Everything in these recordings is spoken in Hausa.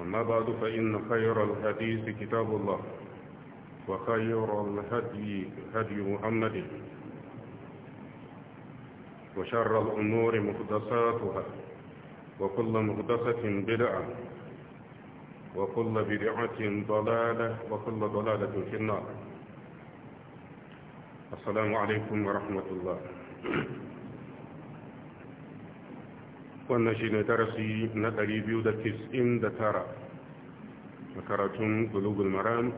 أما بعد فإن خير الحديث كتاب الله وخير الهدي هدي محمد وشر الأمور مقدساتها وكل مقدسة بدعة وكل بدعة ضلالة وكل ضلالة في النار السلام عليكم ورحمة الله wannan shi ne darasi na 299 a karatun gulugul maram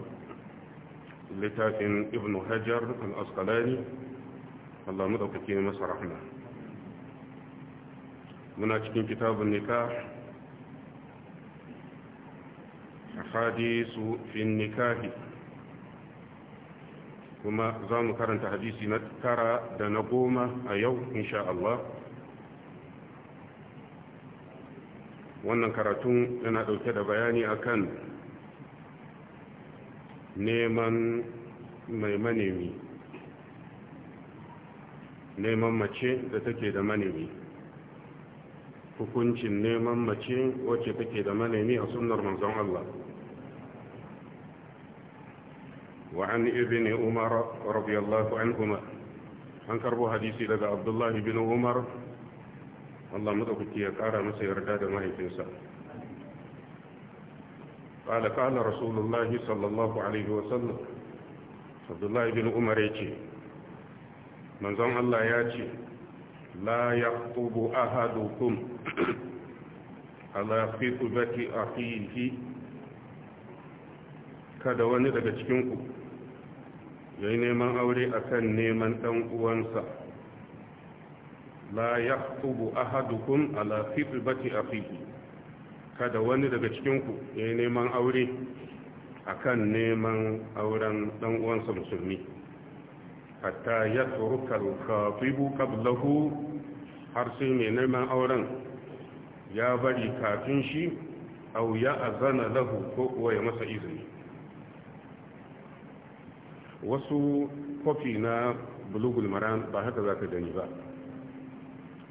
littafin ibn hajjar al'askalani allah maɗaukaki ne masa rahama muna cikin kitabun nika hadisu fin nikahi kuma za mu karanta hadisi na tara da na goma a yau insha Allah wannan karatun yana dauke da bayani akan neman mai manemi neman mace da take da manemi hukuncin neman mace wacce take da manemi a sunnar manzon Allah وعن ابن عمر رضي الله عنهما an karbo hadisi daga abdullahi bin umar Allah madaukaki ya kara masa yarda da mahaifinsa. ka kala Rasulullahi sallallahu Alaihi wasallam, Abdullahi bin Umar ya ce, Manzon Allah ya ce, La ya tubu ahadukum ala fi kubati a kada wani daga cikinku, yayi neman aure akan neman ɗan uwansa. la yahtubu ahadukum ala fitbati akhihi kada wani daga cikin ku yayin neman aure akan neman auren ɗan uwansa musulmi hatta yatruka al-khatibu qablahu har sai mai neman auren ya bari kafin shi au ya azana lahu ko kuwa ya masa izini wasu kofi na bulugul maran ba haka za ka gani ba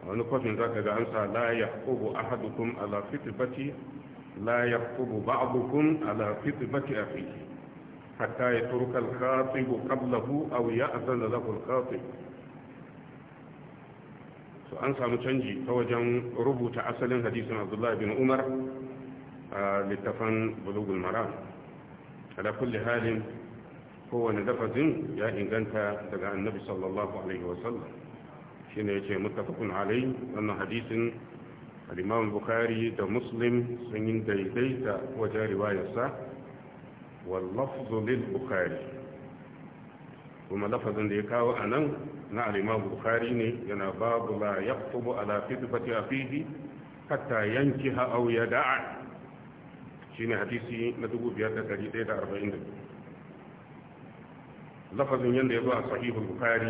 wani kwafin za ka ga an sa la ya kubu ahadukum ala fitibati la ya kubu ba'adukum ala fitibati a fi hatta ya turka alkhatibu qablahu aw ya'zana lahu alkhatib so an samu canji ta wajen rubuta asalin hadisin Abdullahi bin Umar a littafan bulugul maram ala kulli halin kowane dafazin ya inganta daga annabi sallallahu alaihi wasallam shine yace muttafaqun alai wannan hadisin al-Imam Bukhari da Muslim sun yi daidaita wajen riwayarsa wal lafz lil Bukhari kuma lafazin da ya kawo anan na al-Imam Bukhari ne yana babu la yaqtubu ala fitbati afihi hatta yankiha aw yada'a shine hadisi na 5142 lafazin yanda ya zo a sahihul Bukhari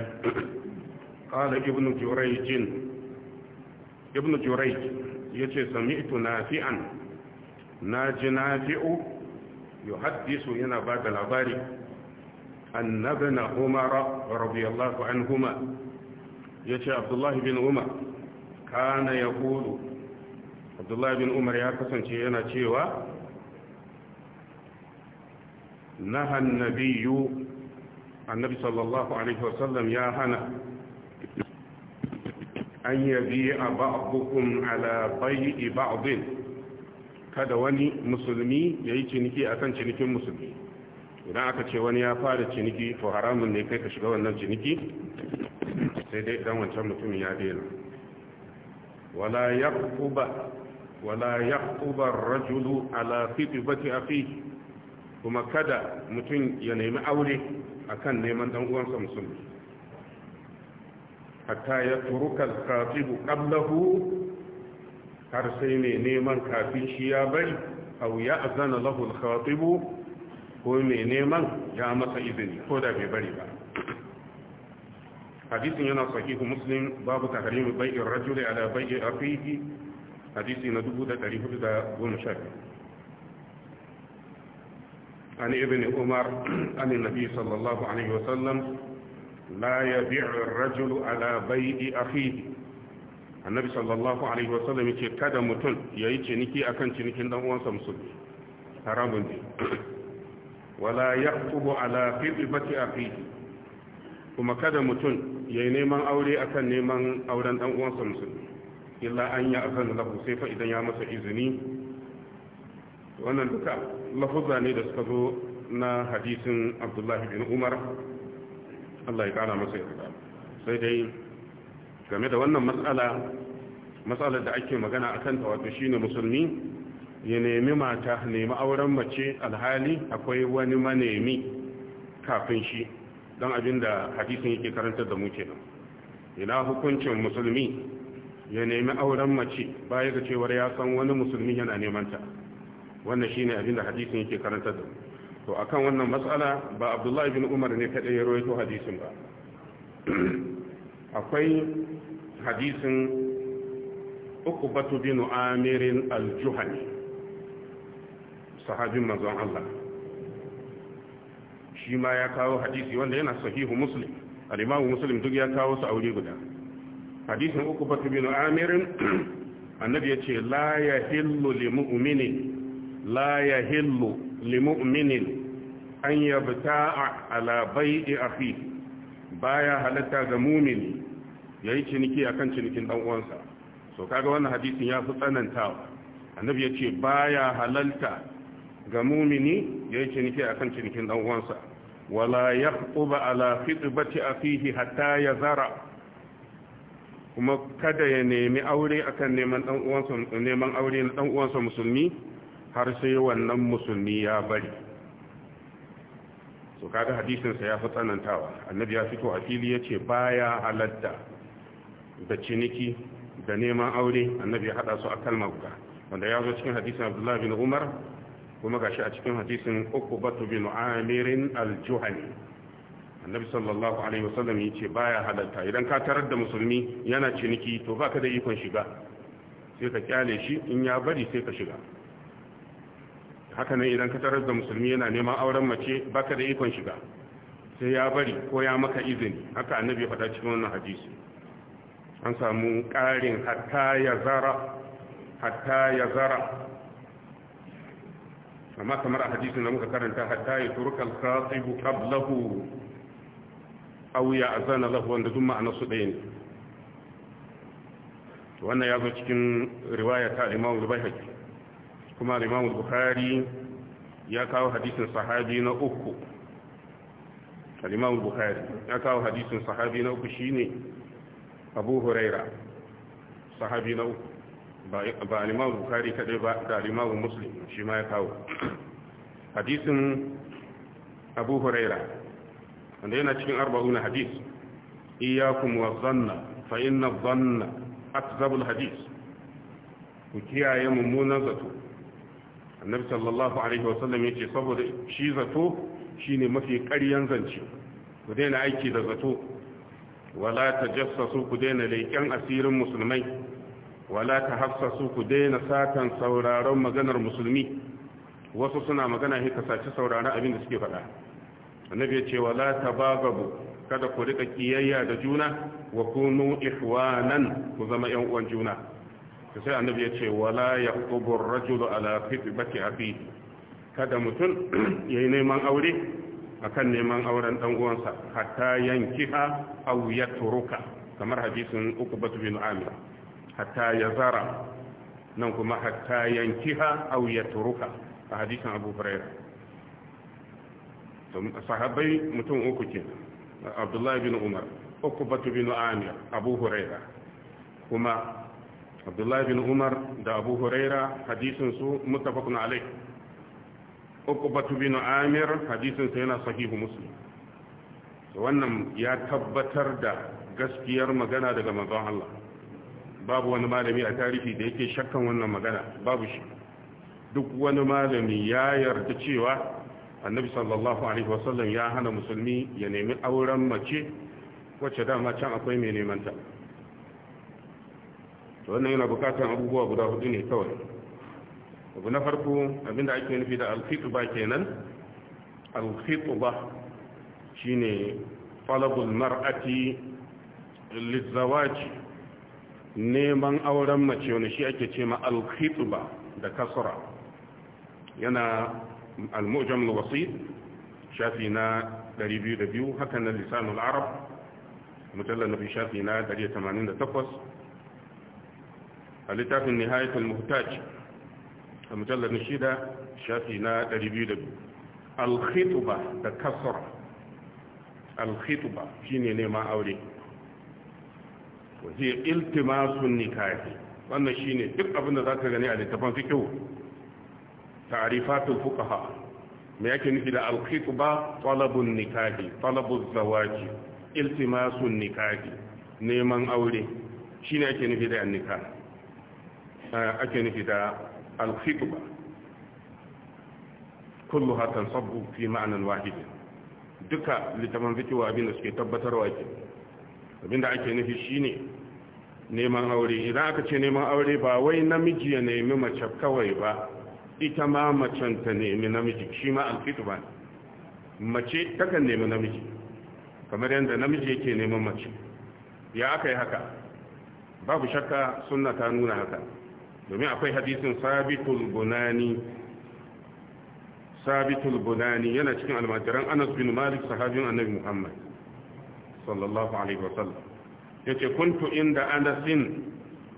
Kala ibnu jurayj ibnu jurayj yace sami'tu nafi'an naji nafi'u yuhaddisu yana bada da labari annabna umar radiyallahu anhuma yace abdullahi bin umar kana yaqulu abdullahi bin umar ya kasance yana cewa nahan nabiyyu annabi sallallahu alaihi wasallam ya hana an a ba'dukum ala bai'i ba'din kada wani musulmi yayi ciniki akan cinikin musulmi idan aka ce wani ya fara ciniki to haramun ne kai ka shiga wannan ciniki sai dai idan wancan mutumin ya daina wala yaquba wala yaquba ar-rajulu ala fitbati fi? kuma kada mutum ya nemi aure akan neman dan uwansa musulmi hatta ya turuka alkatibu qablahu har sai ne neman kafin shi ya bari aw ya azana lahu alkatibu ko mai neman ya masa izini ko da bai bari ba hadisin yana sahihu muslim babu tahrimi bai'ir rajuli ala bai'i akhihi hadisi na 1412 عن ابن Umar, عن النبي sallallahu alaihi عليه وسلم la yabi'u ar-rajulu ala bai'i akhihi annabi sallallahu alaihi wasallam yace kada mutum yayi ciniki akan cinikin dan uwansa musulmi haramun ne wala yaqtubu ala qibati akhihi kuma kada mutum yayi neman aure akan neman auren dan uwansa musulmi illa an ya azan lahu sai fa idan ya masa izini wannan duka lafuzza ne da suka zo na hadisin abdullahi bin umar Allah ya kara masa yarda sai dai game da wannan matsala matsalar da ake magana akan ta wato shine musulmi ya nemi mata nemi auren mace alhali akwai wani manemi kafin shi don abin da hadisin yake karantar da mu kenan ina hukuncin musulmi ya nemi auren mace baya ga cewar ya san wani musulmi yana neman ta wannan shine da hadisin yake karantar da mu to akan wannan matsala ba abdullahi bin umar ne kaɗai ya rawaito hadisin ba akwai hadisin batu bin amirin al-juhani sahabin manzon Allah shi ma ya kawo hadisi wanda yana sahihu muslim al-imamu muslim duk ya kawo su aure guda hadisin batu bin amirin annabi ya ce la yahillu limu mu'minin la yahillu limu'minin an yabta'a ala bai'i akhi baya halatta ga mumini yayi ciniki akan cinikin dan uwansa so kaga wannan hadisin ya fi tsanantawa annabi yace baya halalta ga mumini yayi ciniki akan cinikin dan uwansa wala yaqtuba ala fitbati akhihi hatta yazara kuma kada ya nemi aure akan neman dan neman aure na dan uwansa musulmi har sai wannan musulmi ya bari su ga hadisinsa ya fi tsanantawa annabi ya fito a fili ya ce ya halatta da ciniki da neman aure annabi ya haɗa su a kalmar guda wanda ya zo cikin hadisin abdullahi bin umar kuma gashi a cikin hadisin ukubatu bin amirin aljuhani annabi sallallahu alaihi wasallam ya ce baya halatta idan ka tarar da musulmi yana ciniki to baka da ikon shiga sai ka kyale shi in ya bari sai ka shiga haka nan idan ka tarar da musulmi yana neman auren mace baka da ikon shiga sai ya bari ko ya maka izini haka annabi ya faɗa cikin wannan hadisi an samu ƙarin hatta ya zara hatta ya zara amma kamar a hadisin da muka karanta hatta ya turka al-khatibu qablahu aw ya azana lahu wanda duk ma'ana su ɗaya ne wannan ya zo cikin riwaya ta Imam Al-Baihaqi kuma al-imam bukhari ya kawo hadisin sahabi na uku al-imam bukhari ya kawo hadisin sahabi na uku shine abu huraira sahabi na uku ba al-imam bukhari kadai ba da al-imam muslim shi ma ya kawo hadisin abu huraira wanda yana cikin na hadis iyakum wa zanna fa inna zanna akzabul hadis ku kiyaye mummunan zato annabi sallallahu alaihi wasallam ya ce saboda shi zato shine mafi ƙaryan zance ku daina aiki da zato wala ta ku daina leƙen asirin musulmai wala ta ku daina satan sauraron maganar musulmi wasu suna magana hika sace sauraron abin da suke faɗa annabi yace ce wala ta bagabu kada ku riƙa kiyayya da juna wa kunu ihwanan ku zama yan uwan juna to sai annabi ya ce wala yaqubu ar-rajulu ala khitbati akhi kada mutum yi neman aure akan neman auren dan uwansa hatta yankiha aw yatruka kamar hadisin batu bin amir hatta yazara nan kuma hatta yankiha aw yatruka a hadisin abu hurairah to sahabbai mutum uku ke abdullahi bin umar batu bin amir abu hurairah kuma abdullahi bin umar da abu huraira hadisinsu mutafakun alai ukubatu bin amir hadisinsa yana sahihu muslim wannan ya tabbatar da gaskiyar magana daga manzon Allah babu wani malami a tarihi da yake shakkan wannan magana babu shi duk wani malami ya yarda cewa annabi sallallahu alaihi wasallam ya hana musulmi ya nemi auren mace wacce dama can akwai mai neman ta wannan yana bukatan abubuwa guda hudu ne kawai abu na farko abinda ake nufi da alfitba kenan alfitba shine talabul mar'ati lizawaji neman auren mace wani shi ake ce ma alfitba da kasra yana al-mu'jam al-wasit shafi na 202 hakan na lisanul arab mujallal nabi shafi na 188 a littafin nihayatul muhtaj a mujallar shida shafi na 202 alkhituba da al alkhituba shine neman aure wajen iltimasun nikahi wannan shine duk abin da zaka gani a littafin fikihu ta'rifatul fuqaha me yake nufi da alkhituba talabun nikahi talabuz zawaji iltimasun nikahi neman aure shine yake nufi da annikah ake nufi da kullu kulluha sabu fi ma'anan wahidi duka littafin fikiwa abinda suke tabbatarwa ke abinda ake nufi shine neman aure idan aka ce neman aure ba wai namiji ya nemi mace kawai ba ita ma macen ta nemi namiji shi ma alkhitba mace takan nemi namiji kamar yadda namiji yake neman mace ya aka yi haka babu shakka sunna ta nuna haka domin akwai hadisin sabitul bunani sabitul bunani yana cikin almajiran anas bin malik sahabin annabi muhammad sallallahu alaihi wasallam yace kuntu inda anasin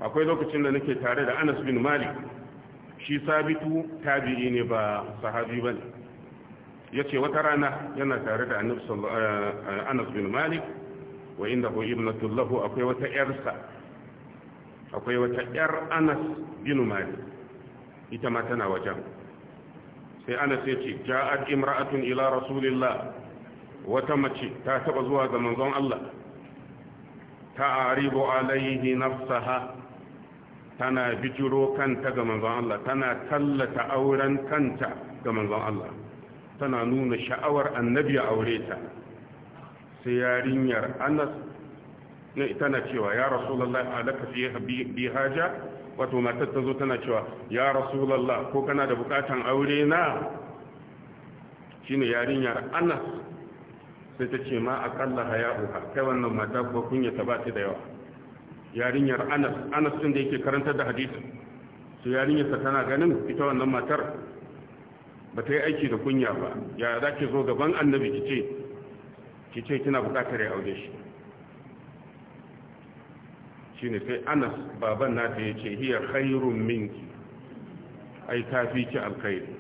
akwai lokacin da nake tare da anas bin malik shi sabitu tabi'i ne ba sahabi bane yace wata rana yana tare da annabi eh, anas bin malik wa inda indahu ibnatullahu akwai wata yarsa akwai wata yar anas bin mali ita ma tana wajen sai anas ya ce ja'at imra'atun ila rasulillah wata mace ta taba zuwa ga manzon Allah ta'aribu alaihi nafsaha tana bijiro kanta ga manzon Allah tana tallata auren kanta ga manzon Allah tana nuna sha'awar annabi ya aure ta sai yarinyar Anas tana cewa ya rasulullah alaka fi bi haja wato matar ta zo tana cewa ya rasulullah ko kana da bukatan aure na shine yarinyar Anas sai ta ce ma akalla haya'uha kai wannan mata ko kunya ta ba ta da yawa yarinyar Anas Anas din da yake karantar da hadisi su ta tana ganin ita wannan matar ba ta yi aiki da kunya ba ya za ki zo gaban annabi ki ce ki ce kina bukatar ya aure shi shine sai anas baban nata ya ce hiya khairun minki ai fi ki alkhairi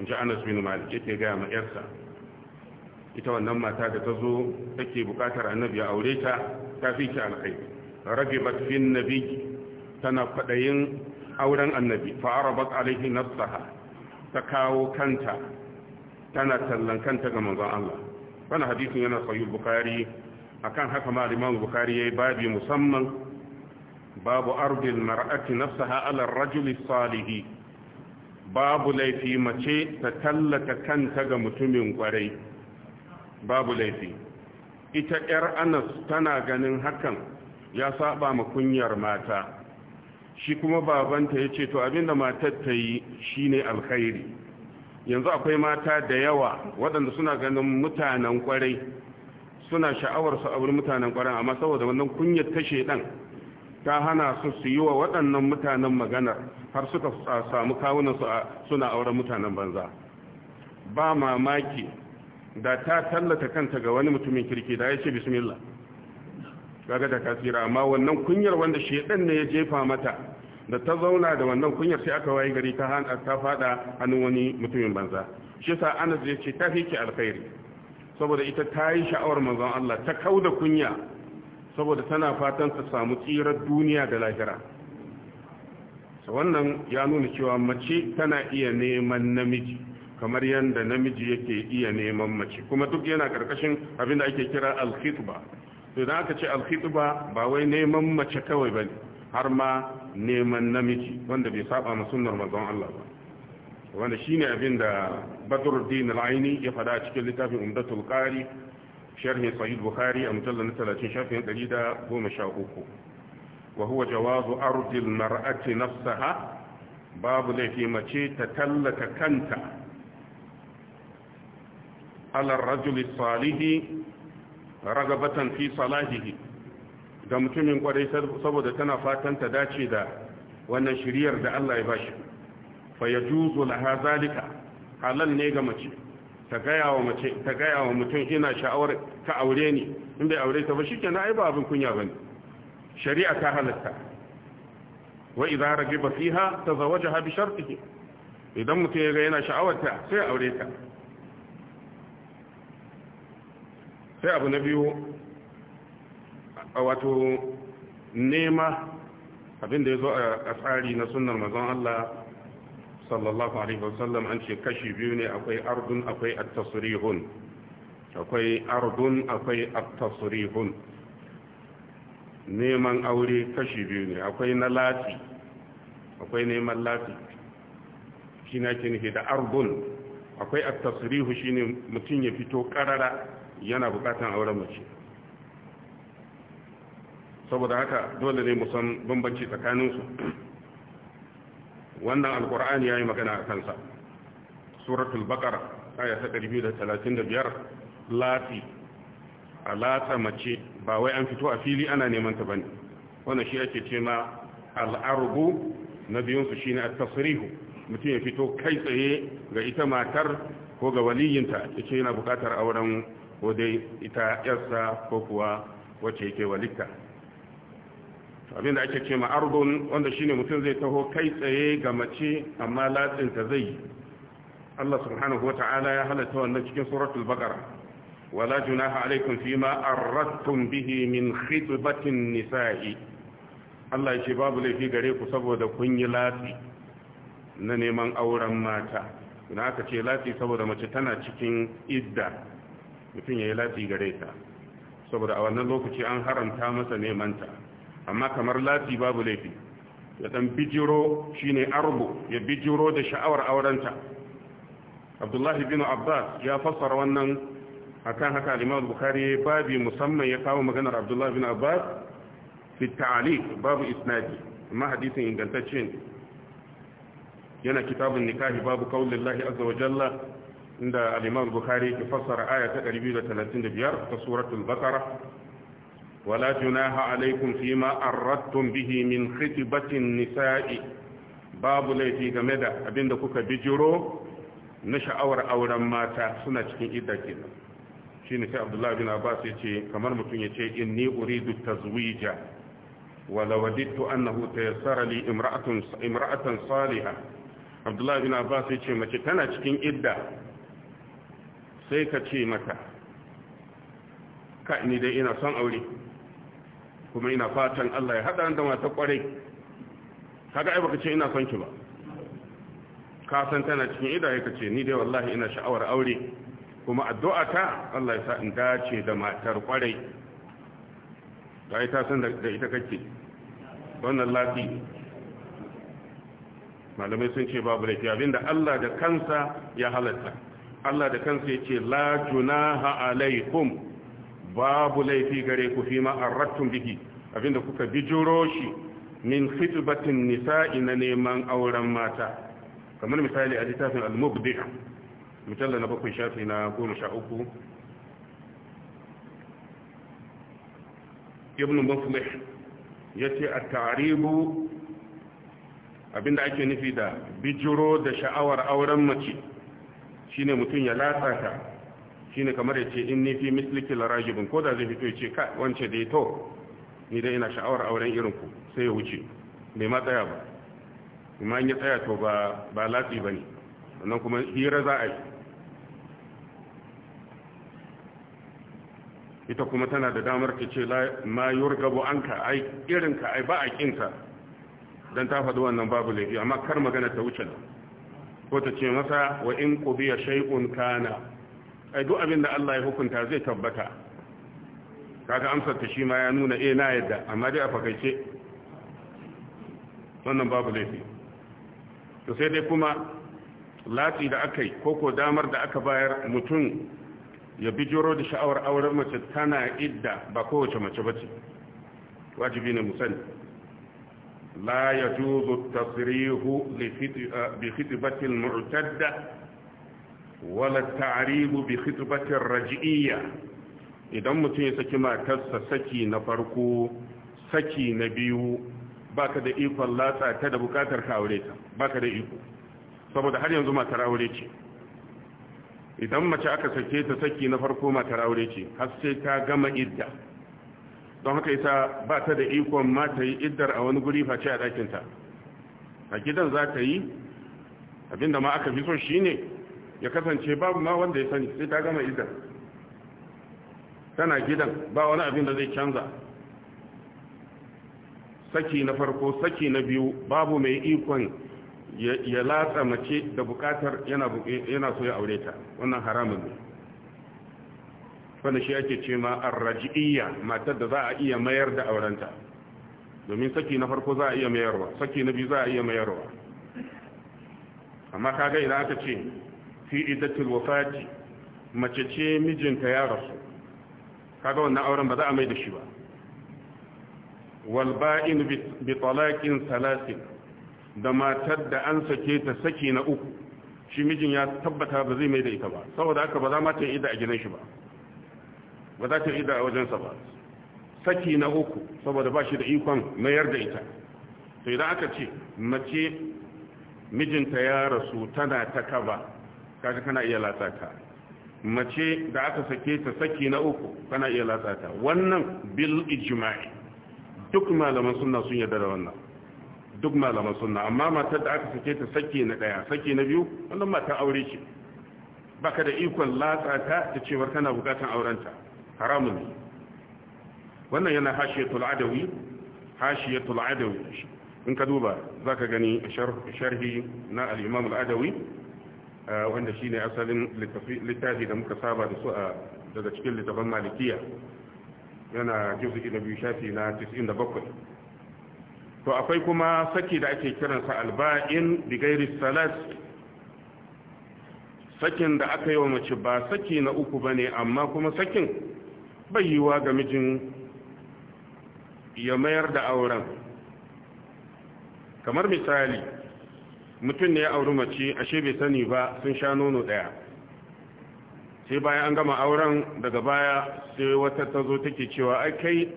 in ji anas bin malik ke gaya ma yarsa ita wannan mata da ta zo take bukatar annabi ya aure ta fi ki alkhairi Rage fin nabi tana kwadayin auren annabi fa'arabat alaihi nafsaha ta kawo kanta tana tallan kanta ga manzon Allah wannan hadisin yana sahih bukhari akan haka ma imam bukhari yayi babi musamman babu arbin mar'ati nafsaha ala rajuli salihi babu laifi mace ta tallata kanta ga mutumin kwarai babu laifi ita yar anas tana ganin hakan ya saba ma kunyar mata shi kuma babanta ya ce to abinda matar ta yi shine alkhairi yanzu akwai mata da yawa waɗanda suna ganin mutanen ƙwarai, suna sha'awar su auri mutanen ƙwarai, amma saboda wannan kunyar ta shedan ta hana su su yi wa waɗannan mutanen maganar har suka samu kawunansu suna auren mutanen banza ba mamaki da ta tallata kanta ga wani mutumin kirki da ya ce bismillah gaga da kasira amma wannan kunyar wanda shedan ne ya jefa mata da ta zauna da wannan kunyar sai aka wayi gari ta hana ta fada hannun wani mutumin banza shi yasa Anas ya ce ta fi ki alkhairi saboda ita ta yi sha'awar manzon Allah ta kauda kunya saboda tana fatan ta samu tsirar duniya da lahira wannan ya nuna cewa mace tana iya neman namiji kamar yadda namiji yake iya neman mace kuma duk yana karkashin abin da ake kira alkhitba to idan aka ce alkhitba ba wai neman mace kawai bane har ma neman namiji wanda bai saba ma sunnar manzon Allah ba wanda shine abin da Badruddin al ya fada cikin littafin Umdatul Qari sharhin sahih bukhari a mujallar na 30 shafin 113 wa huwa jawazu ardil mar'ati nafsaha babu laifi mace ta tallata kanta ala rajuli salihi ragabatan fi salahihi ga mutumin kwarai saboda tana fatan ta dace da wannan shiriyar da Allah ya bashi fa yajuzu laha zalika halal ne ga mace ta gaya wa mutum ina sha'awar ta aure ni in bai aure ta ba shi kenan ai ba abin kunya ba ne shari'a ta halatta wa idan rage ba fi ha ta zawaje ha bishar take idan mutum ya ga yana sha'awar ta sai aure ta sai abu na biyu a wato nema abinda ya zo a tsari na sunar mazan Allah sallallahu alaihi wasallam an ce kashi biyu ne akwai ardun akwai at-tasrihun akwai ardun akwai at-tasrihun neman aure kashi biyu ne akwai na lati akwai neman lati shi na ke nufi da ardun akwai at-tasrihu shine mutum ya fito karara yana bukatan auren mace saboda haka dole ne mu san bambanci tsakaninsu wannan alkur'ani ya yi magana a kansa suratul bakar aya ta 235 lati a lata mace ba wai an fito a fili ana neman ta bane wannan shi ake ce ma al'arbu na biyunsu shine a tasrihu mutum ya fito kai tsaye ga ita matar ko ga waliyinta yake yana bukatar auren ko dai ita yarsa ko kuwa wacce yake walikta abinda ake ce ma ardun wanda shine mutum zai taho kai tsaye ga mace amma latsinta zai Allah subhanahu wa ta'ala ya halatta wannan cikin suratul baqara wala junaha alaikum fima arradtum bihi min khitbatin nisa'i Allah ya ce babu laifi gare ku saboda kun yi latsi na neman auren mata na aka ce latsi saboda mace tana cikin idda mutum ya yi latsi gare ta saboda a wannan lokaci an haramta masa neman ta amma kamar lati babu laifi ya dan bijiro shine arbu ya bijiro da sha'awar aurenta abdullahi bin abbas ya fassara wannan akan haka al-imam bukhari babi musamman ya kawo maganar abdullahi bin abbas fi ta'liq babu isnadi amma hadisin ingantacce yana kitabun nikahi babu qaulillahi azza wa jalla inda al-imam bukhari ya fassara aya ta 235 ta suratul baqara ولا جناح عليكم فيما أردتم به nisa'i. Babu laifi game da غمدا ابين دا كوكا بيجرو نشا اور اورا ماتا سنا cikin idda kenan shine sai abdullahi bin abbas yace kamar mutun yace inni uridu tazwija wala wadittu annahu tayassara li imra'atin imra'atan saliha abdullahi bin abbas yace mace tana cikin idda sai ka ce mata ka dai ina son aure kuma ina fatan Allah ya haɗa da mata ƙwarai kaga ai baka ce ina son ki ba ka san tana cikin idaye ka ce ni dai wallahi ina sha'awar aure kuma addu'a ta Allah ya sa in dace da matar ƙwarai da san da ita kake wannan lafi malamai sun ce babu laifi abinda Allah da kansa ya halatta Allah da kansa ya ce la junaha alaikum babu laifi gare ku fi ma'arrattun biki abinda kuka bijiro shi min fitbatin nisa'i na neman auren mata kamar misali a littafin al-mubdi mujalla na bakwai shafi na goma sha uku ibn muflih ya ce a taribu abinda ake nufi da bijiro da sha'awar auren mace shine mutum ya latsa ta shine kamar ya ce in ni fi misliki ko da zai fito ya ce ka wance dai to ni dai ina sha'awar auren irin ku sai ya wuce bai ma tsaya ba kuma in ya tsaya to ba ba latsi bane sannan kuma hira za a yi ita kuma tana da damar ta ce ma yurgabu anka ai ka ai ba a ka dan ta faɗi wannan babu laifi amma kar magana ta wuce ko ta ce masa wa in qubiya shay'un kana ai duk abin da Allah ya hukunta zai tabbata kaga amsar ta shi ma ya nuna eh na yadda amma dai a fakaice wannan babu laifi to sai dai kuma lati da akai yi koko damar da aka bayar mutum ya bi joro da sha'awar auren mace tana idda ba kowace mace bace wajibi ne mu la yajuzu tasrihu fitbati al mu'tadda wala ta'ribu bi khitbatir raj'iyya idan mutum ya saki matarsa saki na farko saki na biyu baka da ikon latsa ta da bukatar ka aure ta baka da iko saboda har yanzu matar aure ce idan mace aka sake ta saki na farko matar aure ce har sai ta gama idda don haka isa ba ta da ikon ma ta yi iddar a wani guri face a ɗakinta a gidan za ta yi abinda ma aka fi so shine. ya kasance babu ma wanda ya sani sai ta gama idan tana gidan ba wani abin da zai canza saki na farko saki na biyu babu mai ikon ya latsa mace da bukatar yana so ya aure ta wannan haramun ne wanda shi ake ce ma arraji'iyya matar da za a iya mayar da aurenta domin saki na farko za a iya mayarwa saki na biyu za a iya mayarwa amma kaga idan aka ce fi iddatul wafati mace ce mijinta ya rasu kaga wannan auren ba za a mai da shi ba wal ba'in bi talaqin salasin da matar da an sake ta saki na uku shi mijin ya tabbata ba zai mai da ita ba saboda haka ba za ma ta ida a gidan shi ba ba za ta ida a wajensa ba saki na uku saboda ba shi da ikon mayar da ita Sai idan aka ce mace mijinta ya rasu tana ta kaba kaga kana iya latsa ta mace da aka sake ta saki na uku kana iya latsa ta wannan bil ijma'i duk malaman sunna sun yarda da wannan duk malaman sunna amma matar da aka sake ta saki na daya saki na biyu wannan mata aure ce baka da ikon latsa ta da cewar kana bukatan aurenta haramun ne wannan yana hashiyatul adawi hashiyatul adawi in ka duba zaka gani sharhi na al-imam al-adawi wanda shine asalin littafi da muka saba da su a daga cikin littafin malikiya yana juzuki na biyu shafi na 97 to akwai kuma saki da ake kiransa alba'in bigairi salat sakin da aka yi wa mace ba saki na uku ba ne amma kuma sakin bai yi wa gamijin ya mayar da auren kamar misali mutum ne ya auri mace ashe bai sani ba sun sha nono daya sai bayan an gama auren daga baya sai wata ta zo take cewa ai kai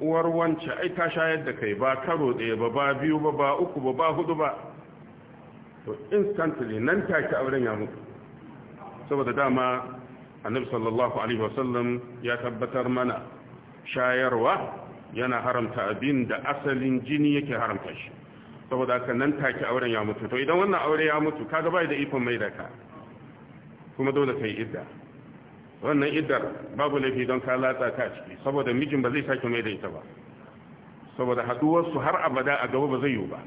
uwar wance ai ta shayar da kai ba karo daya ba ba biyu ba ba uku ba ba hudu ba to instantly nan ta ki auren ya mutu saboda dama annabi sallallahu alaihi wasallam ya tabbatar mana shayarwa yana haramta abin da asalin jini yake haramta shi saboda haka nan take auren ya mutu to idan wannan aure ya mutu kaga bai da ikon mai da ka kuma dole kai idda wannan iddar babu laifi don ka latsa ta ciki saboda mijin ba zai sake mai da ita ba saboda haduwar su har abada a gaba ba zai yi ba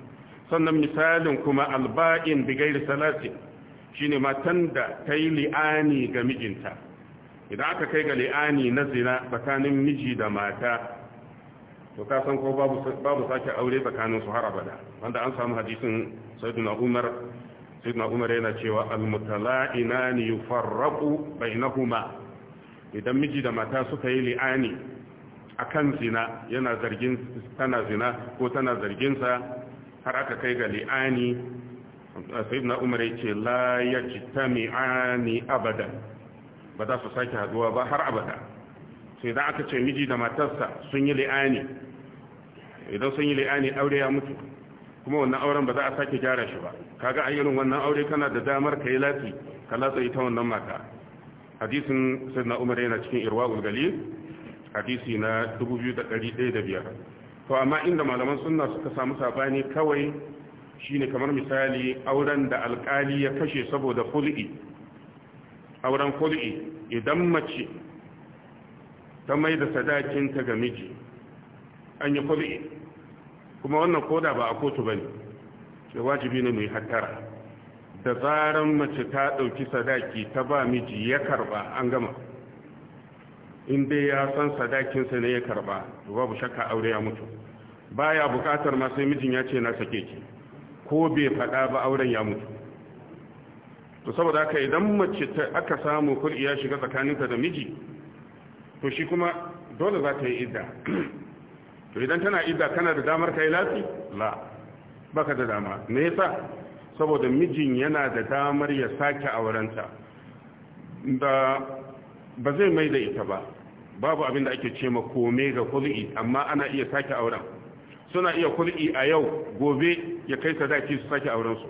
sannan misalin kuma alba'in bi gairi salati shine matan da ta yi li'ani ga mijinta idan aka kai ga li'ani na zina tsakanin miji da mata to ka san ko babu babu sake aure tsakanin su har abada wanda an samu hadisin sayyidina Umar sayyidina Umar yana cewa al-mutala'inani yufarraqu bainahuma idan miji da mata suka yi li'ani akan zina yana zargin tana zina ko tana zargin sa har aka kai ga li'ani sayyidina Umar yace la yajtami'ani abada ba za su sake haduwa ba har abada sai da aka ce miji da matarsa sun yi li'ani idan sun yi la'ani aure ya mutu kuma wannan auren ba za a sake gyara shi ba kaga a irin wannan aure kana da damar ka yi lati ka latsa ita wannan mata hadisin sayyidina umar yana cikin irwa ulgali hadisi na 2105 to amma inda malaman sunna suka samu sabani kawai shine kamar misali auren da alkali ya kashe saboda kul'i auren kul'i idan mace ta mai da sadakinta ga miji an yi ful'i kuma wannan koda ba a kotu bane ke wajibi ne mai hattara da tsarin mace ta ɗauki sadaki ta ba miji ya karba an gama in dai ya san sadakin ne ya karba to babu shakka aure ya mutu baya bukatar ma sai mijin ya ce na sake ki ko bai faɗa ba auren ya mutu to saboda haka idan mace ta aka samu kul'i ya shiga tsakaninta da miji to shi kuma dole za ta yi idda to idan tana idda kana da damar kai lafi la baka da dama me yasa saboda mijin yana da damar ya sake aurenta da ba zai mai da ita ba babu abin da ake ce ma kome ga kul'i amma ana iya sake auren suna iya kul'i a yau gobe ya kai sadaki su sake auren su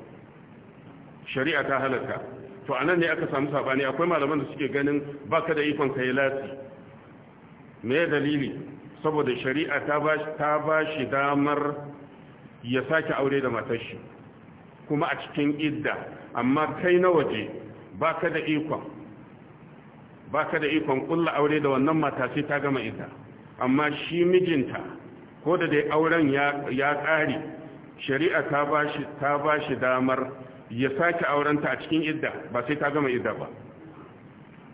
shari'a ta halarta to anan ne aka samu sabani akwai malaman da suke ganin baka da ikon kai lati me dalili saboda shari'a ta ba shi damar ya sake aure da matar kuma a cikin idda amma kai na waje ba da ikon ba da ikon kulla aure da wannan mata sai ta gama idda amma shi mijinta ko da dai auren ya ƙari shari'a ta ba shi damar ya sake aurenta a cikin idda ba sai ta gama idda ba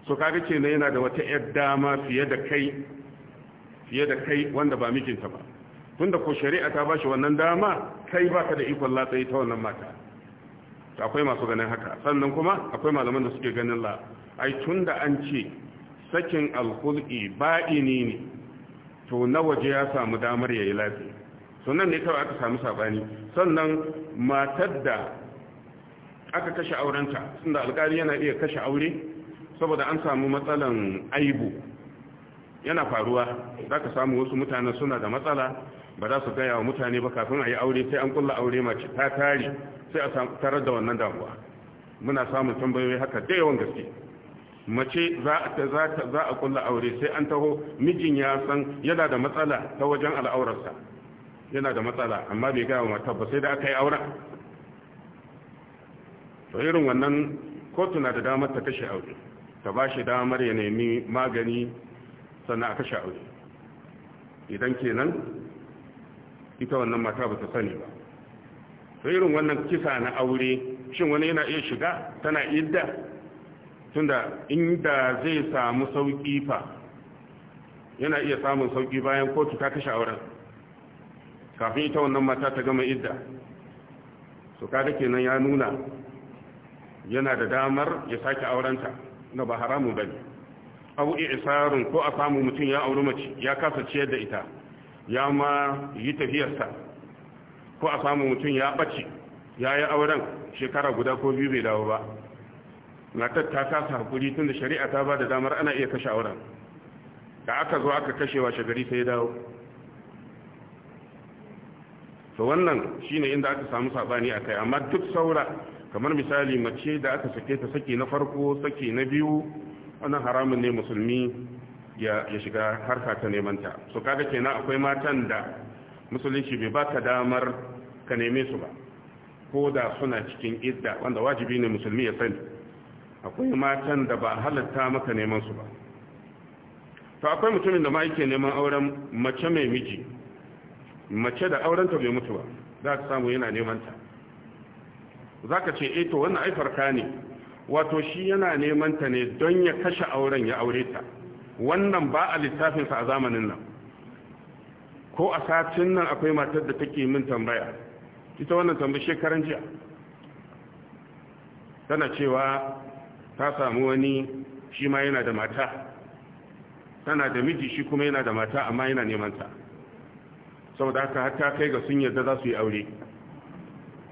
so kaga ce na yana da wata yar dama fiye da kai fiye da kai wanda ba mijinta ba tunda ko shari'a ta bashi wannan dama kai baka da ikon latsayi ta wannan mata akwai masu ganin haka sannan kuma akwai malaman da suke ganin la ai tunda an ce sakin alkhulqi ba'ini ne to na waje ya samu damar yayi latsayi sannan ne kawai aka samu sabani sannan matar da aka kashe aurenta tunda alƙali yana iya kashe aure saboda an samu matsalan aibu yana faruwa za ka samu wasu mutane suna da matsala ba za su gaya wa mutane ba kafin a yi aure sai an kulla aure mace ta tare sai a tarar da wannan damuwa muna samun tambayoyi haka da yawan gaske mace za a kulla aure sai an taho mijin ya san yana da matsala ta wajen al'aurarsa yana da matsala amma bai gaya wa mata ba sai da aka yi auren to irin wannan kotu na da damar ta kashe aure ta ba shi damar ya nemi magani sannan a kashe aure idan kenan ita wannan mata ba ta sani ba to irin wannan kisa na aure shin wani yana iya shiga tana idda tunda inda zai samu sauki fa yana iya samun sauki bayan kotu ta kashe auren kafin ita wannan mata ta gama idda su kada kenan ya nuna yana da damar ya sake aurenta na ba haramun bane au isarin ko a samu mutum ya auri mace ya kasa ciyar da ita ya ma yi tafiyarsa ko a samu mutum ya ɓace ya yi auren shekara guda ko biyu bai dawo ba matar ta kasa hakuri tunda shari'a ta ba da damar ana iya kashe auren da aka zo aka kashe washe gari sai dawo to wannan shine inda aka samu sabani akai amma duk saura kamar misali mace da aka sake ta saki na farko saki na biyu wannan haramun ne musulmi ya shiga harka ta nemanta so kaga kenan akwai matan da musulunci bai baka damar ka neme su ba ko da suna cikin idda wanda wajibi ne musulmi ya sani akwai matan da ba halatta maka neman su ba to akwai mutumin da ma yake neman auren mace mai miji mace da aurenta bai mutu ba za ka samu yana neman ta za ka ce eto eh, wannan aifarka ne wato shi yana neman ta ne don ya kashe auren ya aure ta wannan ba a littafinsa a zamanin nan ko a satin nan akwai matar da take min tambaya ita wannan tambayi shekaran jiya tana cewa ta samu wani shi ma yana da mata tana da miji shi kuma yana da mata amma yana neman ta saboda haka har ta kai ga sun yadda za su yi aure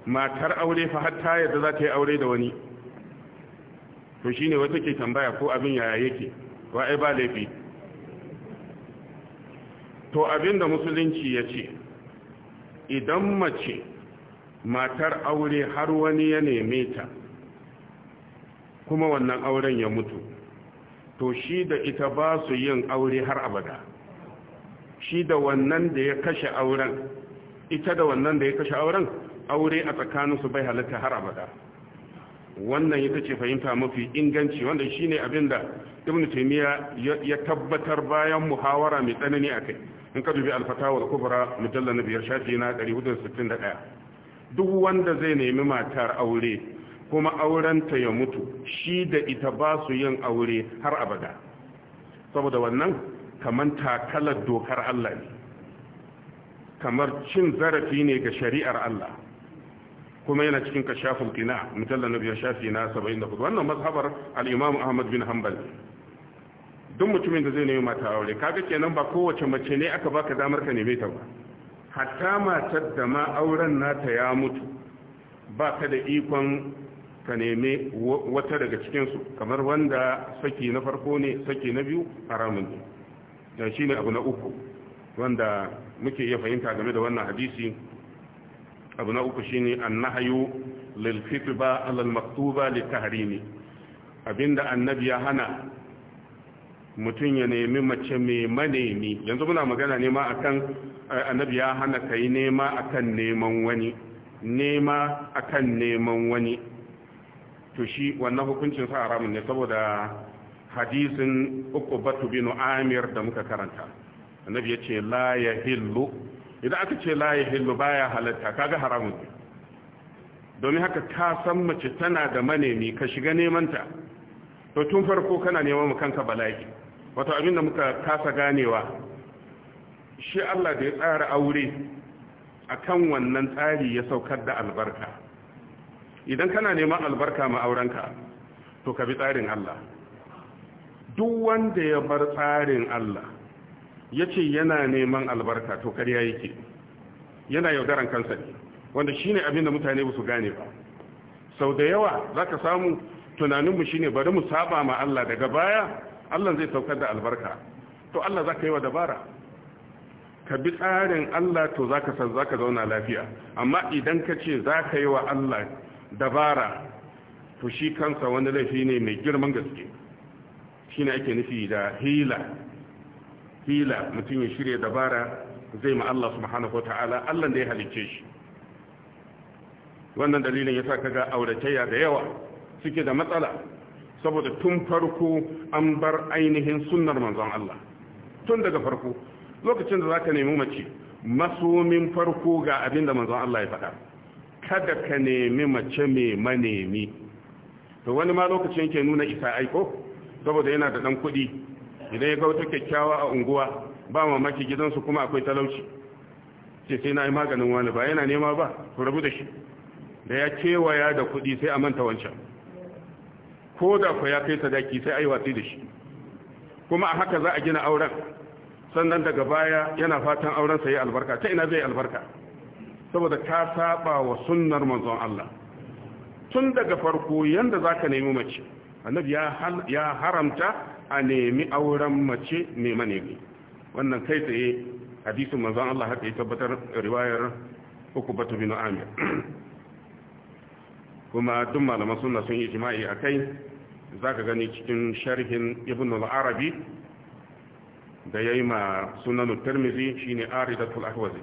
matar aure fa har ta yadda za ta yi aure da wani to shi ne wata ke tambaya ko abin yaya yake wa ai ba laifi to abin da musulunci ya ce idan mace matar aure har wani ya neme ta kuma wannan auren ya mutu to shi da ita ba su yin aure har abada shi da wannan da ya kashe auren ita da wannan da ya kashe auren aure a tsakaninsu bai halitta har abada wannan ita ce fahimta mafi inganci wanda shi ne abin da ibn taymiya ya tabbatar bayan muhawara mai tsanani a kai, in ka dubi al kubra Mujalla na biyar shafi na 461 duk wanda zai nemi matar aure kuma aurenta ya mutu shi da ita ba su yin aure har abada saboda wannan kamar takalar dokar Allah ne kamar cin zarafi ne ga shari'ar Allah kuma yana cikin kashafin kina mutallan na biyar shafi na 74 wannan mazhabar al-imam ahmad bin hanbal duk mutumin da zai nemi mata aure kaga kenan ba kowace mace ne aka baka damar ka neme ta ba hatta matar da ma auren nata ya mutu ba ka da ikon ka neme wata daga cikinsu kamar wanda saki na farko ne saki na biyu haramun ne shi ne abu na uku wanda muke iya fahimta game da wannan hadisi abu na uku shine annahyu lil khitba ala al maktuba li tahrimi abinda annabi ya hana mutum ya nemi mace mai manemi yanzu muna magana ne ma akan eh, annabi ya hana kai nema akan neman wani nema akan neman wani to shi wannan hukuncin sa haramun ne saboda hadisin uqbatu bin amir da muka karanta annabi yace la yahillu idan aka ce la yahillu baya halatta kaga haramun domin haka ka san mace tana da manemi ka shiga neman ta to tun farko kana neman mu kanka bala'i wato abinda muka kasa ganewa shi Allah da ya tsara aure akan wannan tsari ya saukar da albarka idan kana neman albarka ma aurenka to ka bi tsarin Allah duk wanda ya bar tsarin Allah ya ce yana neman albarka to karya yake yana yaudaran kansa ne wanda ne abin da mutane ba su gane ba sau da yawa za ka samu tunaninmu shi ne bari mu saba ma Allah daga baya Allah zai saukar da albarka to Allah za ka yi wa dabara ka bi tsarin Allah to za ka san za ka zauna lafiya amma idan ka ce za ka yi wa Allah dabara to shi kansa wani laifi ne mai girman gaske shi ne ake nufi da hila hila mutum ya shirya dabara zai ma Allah subhanahu wata'ala Allah da ya halicce shi wannan dalilin yasa kaga auratayya da yawa suke da matsala saboda tun farko an bar ainihin sunnar manzon Allah tun daga farko lokacin da zaka nemi mace masomin farko ga abinda da manzon Allah ya faɗa kada ka nemi mace mai manemi to wani ma lokacin yake nuna isa aiko saboda yana da dan kuɗi idan ya ga wata kyakkyawa a unguwa ba mamaki gidansu kuma akwai talauci ce sai na yi maganin wani ba yana nema ba ku rabu da shi da ya kewaya da kuɗi sai a manta wancan ko da ku ya kai sadaki sai a yi watsi da shi kuma a haka za a gina auren sannan daga baya yana fatan auren sai albarka ta ina zai albarka saboda ka saba wa sunnar manzon Allah tun daga farko yanda zaka nemi mace annabi ya haramta a nemi auren mace mane nemi. wannan kai tsaye hadisin manzon Allah haka ya tabbatar riwayar uku batu bin Amir kuma duk malaman suna sun yi jima'i a akai zaka gani cikin sharhin Ibn al-Arabi da yayi ma sunan Tirmidhi shine Aridatul Ahwazi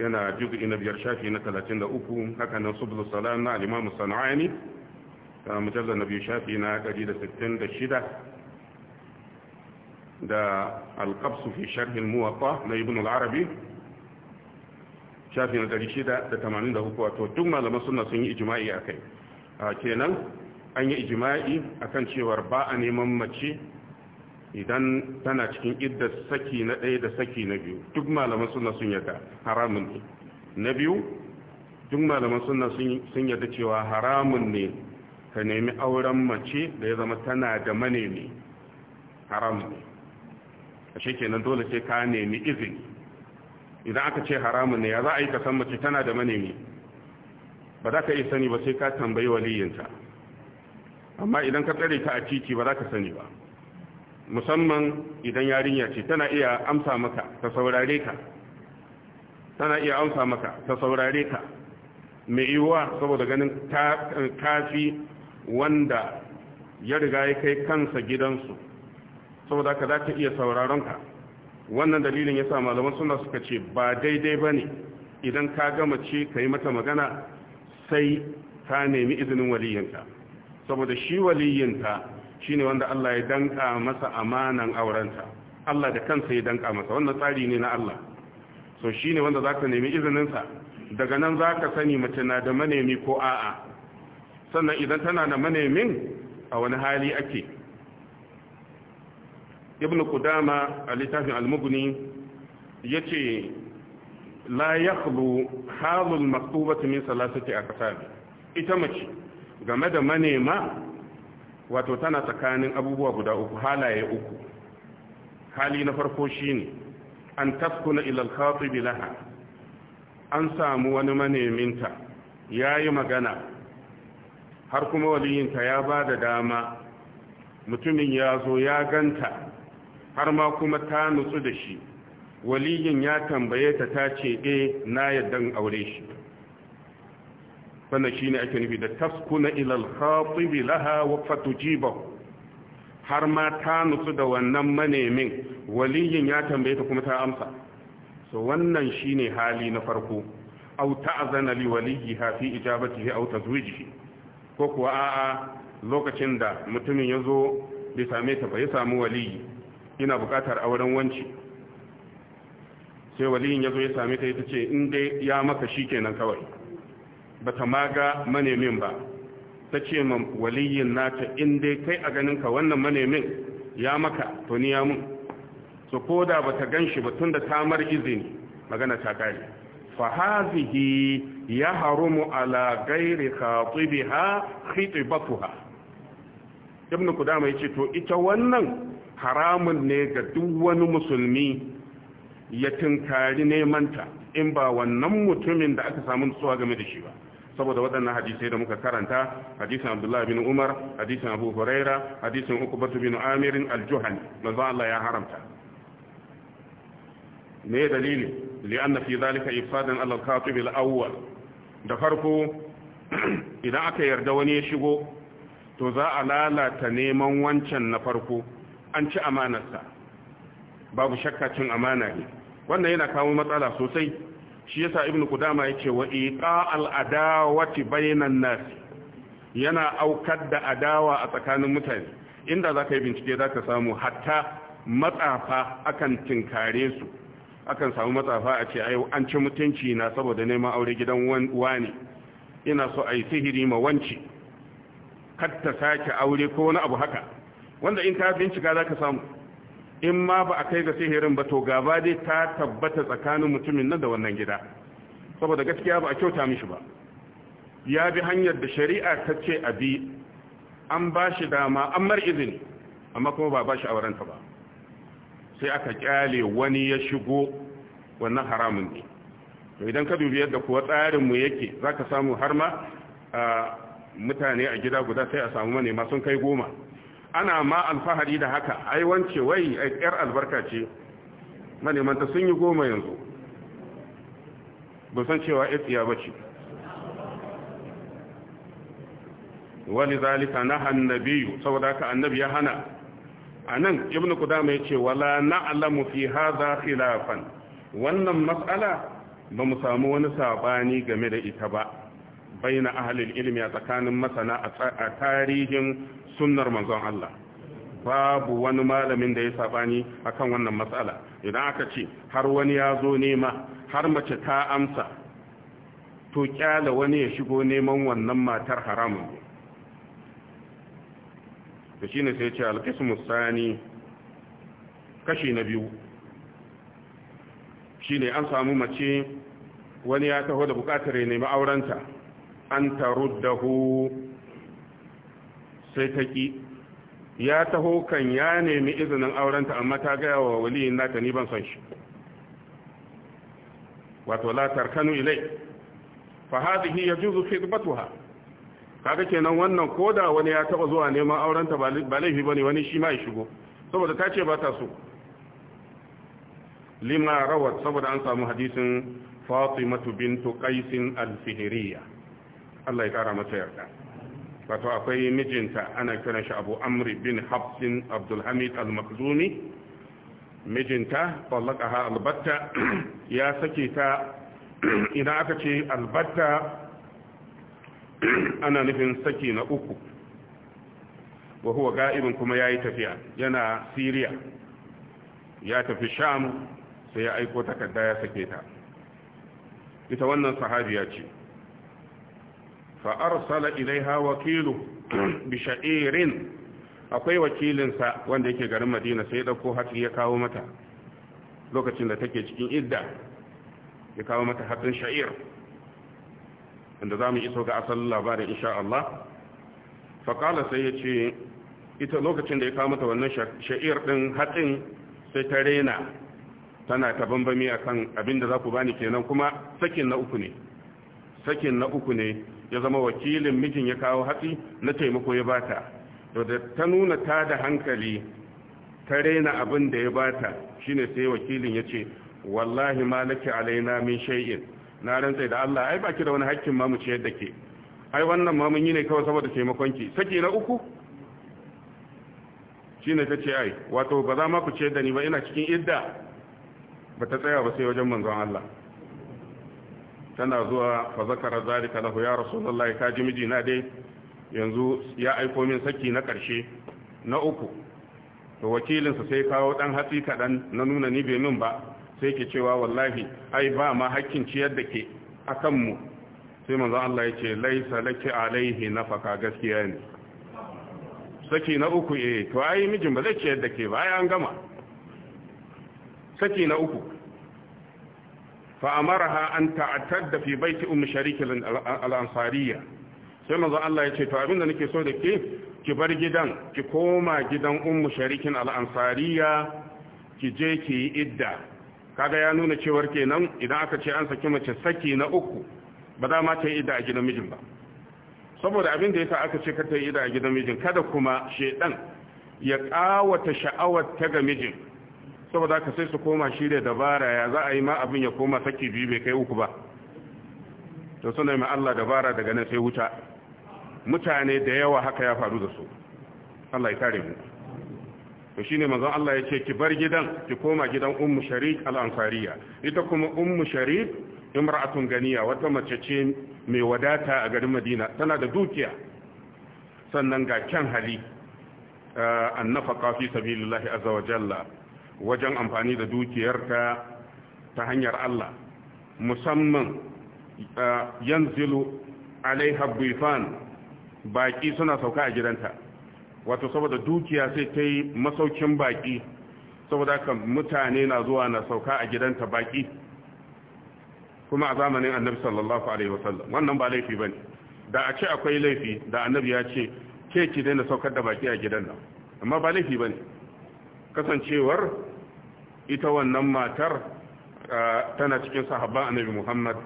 yana juz'i na biyar shafi na 33 haka nan Subul Salam na al-Imam Sana'ani mujalla na biyu shafi na 166 da alƙabsu fi sharhin muwafa na ibn al-arabi shafi na 683 wato duk malaman suna sun yi ijima'i a kai kenan an yi ijima'i akan cewar ba a neman mace idan tana cikin idda saki na ɗaya da saki na biyu duk malaman suna sun yadda haramun ne na biyu duk malaman suna sun yadda cewa haramun ne ka nemi auren mace da ya zama tana da manemi haram ne a kenan dole sai ka nemi izini idan aka ce haramun ne ya za a yi kasan mace tana da manemi ba za ka yi sani ba sai ka tambayi waliyinta amma idan ka tsare ta a titi ba za ka sani ba musamman idan yarinya ce tana iya amsa maka ta saurare ka tana iya amsa maka ta saurare ka mai yiwuwa saboda ganin kafi wanda ya riga ya kai kansa gidansu saboda ka za ta iya sauraron ka wannan dalilin ya sa malaman suna suka ce ba daidai ba ne idan ka gama ce ka yi mata magana sai ka nemi izinin waliyinka saboda shi waliyinta shine wanda Allah ya danka masa amanan aurenta Allah da kansa ya danka masa wannan tsari ne na Allah so shine wanda zaka nemi izininsa daga nan zaka sani mace na da manemi ko a'a sannan idan tana da manemin a wani hali ake ibn kudama a littafin almuguni ya ce la ya halu halul maktubatu min a ƙasa ita mace game da manema wato tana tsakanin abubuwa guda uku halaye uku hali na farko shine an taskuna ilal khatibi laha an samu wani maneminta yayi magana har kuma waliyinta ya ba da dama mutumin ya zo ya ganta har ma kuma ta nutsu da shi waliyin ya tambaye ta ta ce eh na yaddan aure shi wannan shine ake nufi da taskuna ila al laha wa fatujibahu har ma ta nutsu da wannan manemin waliyin ya tambaye ta kuma ta amsa so wannan shine hali na farko aw ta'zana li waliyiha fi ijabatihi aw tazwijihi ko kuwa a'a lokacin da mutumin ya zo bai same ta ba ya samu waliyi ina bukatar auren wanci sai waliyin ya zo ya same ta ita ce in dai ya maka shi kenan kawai ba ta maga manemin ba ta ce ma waliyin nata in dai kai a ganinka wannan manemin ya maka to ni ya mun so ko da ba ta gan shi ba tun da ta mar izini magana ta kare fa hazihi ya harumu ala gairi ha. khitibatuha ibn kudama yace to ita wannan haramun ne ga duk wani musulmi ya tunkari neman ta in ba wannan mutumin da aka samu nutsuwa game da shi ba saboda waɗannan hadisai da muka karanta hadisin Abdullah bin Umar hadisin Abu Huraira hadisin Uqbah bin Amir al-Juhani manzo Allah ya haramta me dalili li anna fi dhalika ifadan al-khatib al-awwal da farko idan aka yarda wani ya shigo to za a lalata neman wancan na farko an ci amanarsa babu shakka cin amana ne wannan yana kawo matsala sosai shi yasa ibn kudama yace wa iqa al adawati bainan nas yana aukar da adawa a tsakanin mutane inda zaka yi bincike zaka samu hatta matsafa akan tinkare su akan samu matsafa a ce ayo an ci mutunci na saboda neman aure gidan wani ina so a yi sihiri ma wanci katta sake aure ko wani abu haka wanda in ta bincika za samu in ma ba a kai ga sihirin ba to gaba dai ta tabbata tsakanin mutumin nan da wannan gida saboda gaskiya ba a kyauta mishi ba ya bi hanyar da shari'a ta ce a bi an ba shi dama an mar izini amma kuma ba ba shi aurenta ba sai aka kyale wani ya shigo wannan haramun ne to idan ka dubi yadda kuwa tsarinmu yake za ka samu har ma mutane a gida guda sai a samu manema sun kai goma ana ma alfahari da haka ai wance wai ai yar albarka ce manemanta sun yi goma yanzu ba san cewa tsiya ba ce wani zalika na hannabiyu saboda haka annabi ya hana A nan, ibn ya yace wala na'lamu fi hadha khilafan wannan mas'ala ba mu samu wani sabani game da ita ba baina ahli ilmi a tsakanin masana a tarihin sunnar manzon Allah babu wani malamin da ya sabani akan wannan matsala idan aka ce har wani ya zo nema har mace ta amsa to kyala wani ya shigo neman wannan matar haramun ne. da shine sai ce alqismu tsani kashi na biyu shine an samu mace wani ya taho da buƙatar ya nemi aurenta an taruddahu sai ta ki ya taho kan ya nemi izinin aurenta amma ta gaya wa waliyin nata ni ban son shi wato la tarkanu ilai fa hadhihi yajuzu khitbatuha kaga kenan wannan koda wani ya taba zuwa neman aurenta ba laifi bane wani shi ma ya shigo saboda ta ce ba ta so lima rawat saboda an samu hadisin fatimatu bintu qaisin al-fihriya Allah ya kara mata yarda wato akwai mijinta ana kiran shi Abu Amr bin Habsin Abdul Hamid al-Makhzumi mijinta tallaqaha al-batta ya sake ta ina aka ce al-batta ana nufin saki na uku wa huwa ga'ibin kuma yayi tafiya yana Siriya. ya tafi Sham sai ya aiko takarda ya sake ta ita wannan sahabiya ce fa arsala ilaiha wakilu bi akwai wakilinsa wanda yake garin Madina sai ya dauko hatsi ya kawo mata lokacin da take cikin idda ya kawo mata hatsin sha'ir inda za mu iso ga asalin labarin insha Allah faƙala sai ya ce ita lokacin da ya kawo mata wannan sha'ir ɗin hatsin sai ta rena tana ta bambami a kan abin da za ku bani kenan kuma sakin na uku ne sakin na uku ne ya zama wakilin mijin ya kawo hatsi na taimako ya bata to da ta nuna ta da hankali ta rena abin da ya bata shine sai wakilin ya ce wallahi malaki alaina min shay'in na rantsa da Allah ai baki da wani hakkin ma mu ci yadda ke ai wannan ma mun yi ne kawai saboda taimakon ki saki na uku shine ta ce ai wato ba za ma ku ciyar da ni ba ina cikin idda ba ta tsaya ba sai wajen manzon Allah tana zuwa fa zakara zalika lahu ya rasulullahi ka ji miji na dai yanzu ya aiko min saki na karshe na uku to wakilinsa sai kawo dan hatsi kadan na nuna ni bai min ba sai ke cewa wallahi ai ba ma hakkin ciyar da ke a kanmu sai manzan Allah ya ce laisa laki alaihi na faka gaskiya ne saki na uku e, to ai mijin ba zai ciyar da ke ba ai an gama saki na uku fa ha an ta'tadda fi baiti um sharik al-ansariya sai manzon Allah ya ce to abinda nake so da ke ki bar gidan ki koma gidan ummu sharikin al-ansariya ki je ki yi idda kaga ya nuna cewar kenan idan aka ce an saki mace saki na uku ba za ma ta yi ida a gidan mijin ba saboda abin da ya sa aka ce ka ta yi ida a gidan mijin kada kuma shedan ya kawata sha'awar ta ga mijin saboda ka sai su koma shi da dabara ya za a yi ma abin ya koma saki biyu bai kai uku ba to suna mai Allah dabara daga nan sai wuta mutane da yawa haka ya faru da su Allah ya kare mu to shine manzon Allah ya ce ki bar gidan ki koma gidan ummu sharik al-ansariya ita kuma ummu sharik imra'atun ganiya wata mace ce mai wadata a garin Madina tana da dukiya sannan ga kyan hali eh, annafaqa fi sabilillahi azza wa jalla wajen amfani da dukiyarta ta hanyar Allah musamman eh, yanzilu alaiha bifan baki suna sauka a gidanta wato saboda dukiya sai ta yi masaukin baƙi saboda haka mutane na zuwa na sauka a gidanta baƙi kuma a zamanin annabi sallallahu alaihi wasallam wannan ba laifi bane da a ce akwai laifi da annabi ya ce ke ki daina saukar da baki a gidan nan amma ba laifi bane kasancewar ita wannan matar tana cikin sahabban annabi Muhammad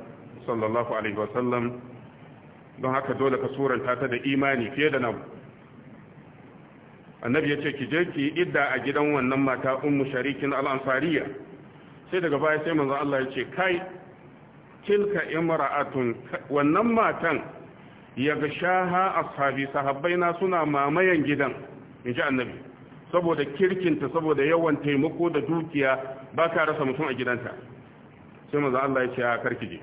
sallallahu alaihi wasallam don haka dole ka suranta ta da imani fiye da nan annabi ya ce ki je ki idda a gidan wannan mata ummu sharikin al'ansariya sai daga baya sai manzo Allah ya ce kai tilka imra'atun wannan matan ya ga shaha ashabi sahabbaina suna mamayan gidan inji annabi saboda kirkinta saboda yawan taimako da dukiya ba ka rasa mutum a gidanta sai manzo Allah ya ce a karki je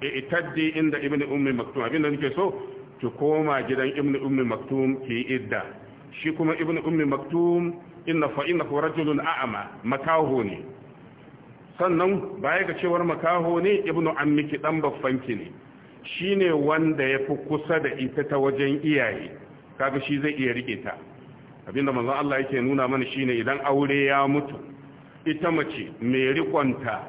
e itaddi inda ibnu ummi maktum abinda nake so ki koma gidan ibnu ummi maktum ki idda shi kuma ibn ummi maktum inna fa innahu rajulun a'ma makaho ne sannan baya ga cewar makaho ne ibn ammiki dan baffanki ne shine wanda ya fi kusa da ita ta wajen iyaye kaga shi zai iya rike ta abinda manzon Allah yake nuna mana shine idan aure ya mutu ita mace mai rikonta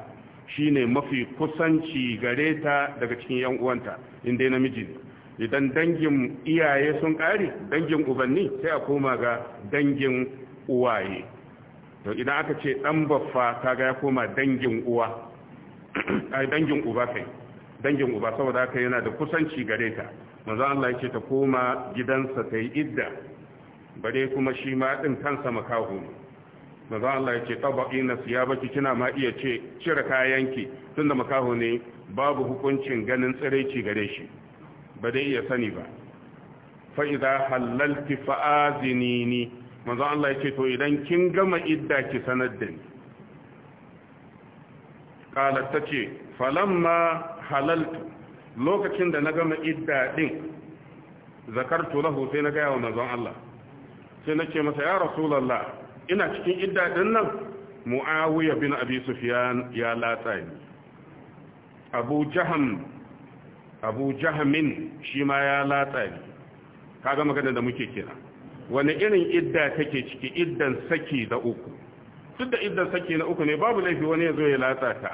shine mafi kusanci gareta daga cikin yan uwanta inda namiji ne idan dangin iyaye sun ƙari dangin ubanni sai a koma ga dangin uwaye to idan aka ce dan baffa kaga ya koma dangin uwa ai dangin uba kai dangin uba saboda haka yana da kusanci gare ta manzo Allah yake ta koma gidansa ta yi idda bare kuma shi ma din kansa makahu manzo Allah yake tabaqina siyabaki kina ma iya ce cire kayanki tunda makahu ne babu hukuncin ganin tsiraici gare shi ba dai iya sani ba fa idza halalti fa azinini manzo Allah yake to idan kin gama idda ki sanar da ni tace falamma halaltu lokacin da na gama idda din zakartu lahu sai na gaya wa manzon Allah sai nace masa ya rasulullah ina cikin idda din nan muawiya bin abi sufyan ya latsa ni abu abu jahamin shi ma ya latsari kaga magana da muke kira wani irin idda take ciki iddan saki da uku duk da iddan saki na uku ne babu laifi wani ya zo ya latsa ka.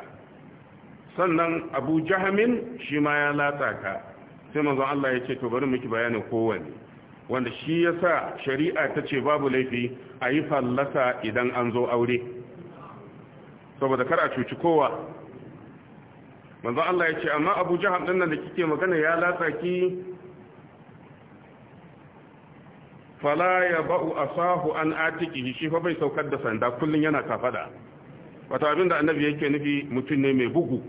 sannan abu jahamin shi ma ya latsa ka, sai manzon Allah ya ce to bari miki bayanin kowanne wanda shi yasa shari'a ta ce babu laifi a yi fallasa idan an zo aure saboda kar a cuci kowa manzo Allah ya ce amma Abu Jahal din nan da kike magana ya latsa ki fala ya ba'u asahu an atiki shi fa bai saukar da sanda kullun yana kafada wato da annabi yake nufi mutum ne mai bugu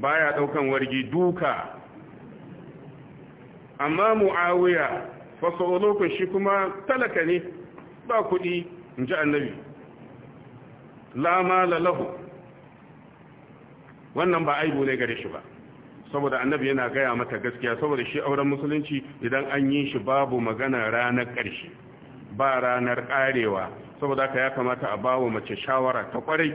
baya daukan wargi duka amma muawiya fa sa'ulukun shi kuma talaka ne ba kudi inji annabi la mala lahu wannan ba aibu ne gare shi ba saboda annabi yana gaya mata gaskiya saboda shi auren musulunci idan an yi shi babu magana ranar ƙarshe ba ranar ƙarewa saboda ka ya kamata a bawa mace shawara ta kwarai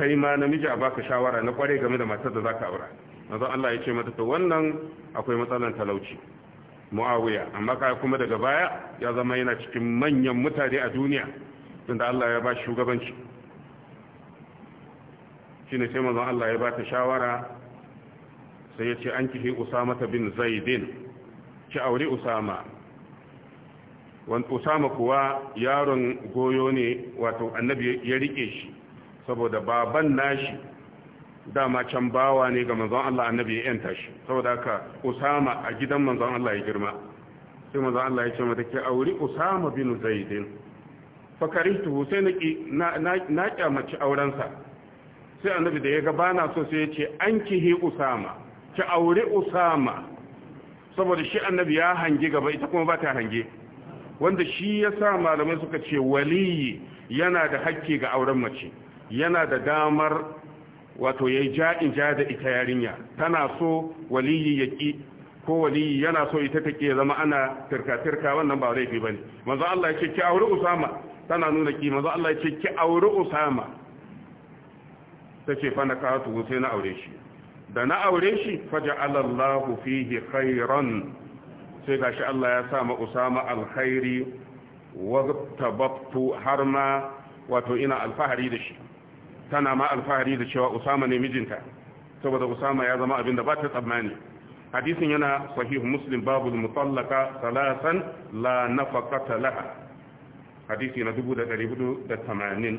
yi ma namiji a baka shawara na kwarai game da matar da za ka aura nazo Allah ya ce mata to wannan akwai matsalan talauci Muawiya amma kai kuma daga baya ya zama yana cikin manyan mutane a duniya tunda Allah ya ba shugabanci shine sai manzon Allah ya ba ta shawara sai ya ce an kihi Usama bin Zaidin ki aure Usama wan Usama kuwa yaron goyo ne wato annabi ya rike shi saboda baban nashi dama can bawa ne ga manzon Allah annabi ya yanta shi saboda haka Usama a gidan manzon Allah ya girma sai manzon Allah ya ce mata ki aure Usama bin Zaidin fakarihtu sai na na kyamaci aurensa sai annabi da ya ga bana so sai ya ce an kihi usama ki aure usama saboda shi annabi ya hange gaba ita kuma ba ta hange wanda shi ya sa malamai suka ce waliyi yana da hakki ga auren mace yana da damar wato ya yi ja'in ja da ita yarinya tana so waliyi ya ƙi ko waliyi yana so ita ta ke zama ana tirka-tirka wannan ba laifi ba ne manzo Allah ya ce ki auri usama tana nuna ki manzo Allah ya ce ki auri usama ta ce fa na katu sai na aure shi da na aure shi faja alallahu fihi khairan sai gashi Allah ya sa ma Usama alkhairi wa tabattu har ma wato ina alfahari da shi tana ma alfahari da cewa Usama ne mijinta saboda Usama ya zama abin da ba ta tsammani hadisin yana sahih muslim babu mutallaka salasan la nafaqata laha hadisi na 1480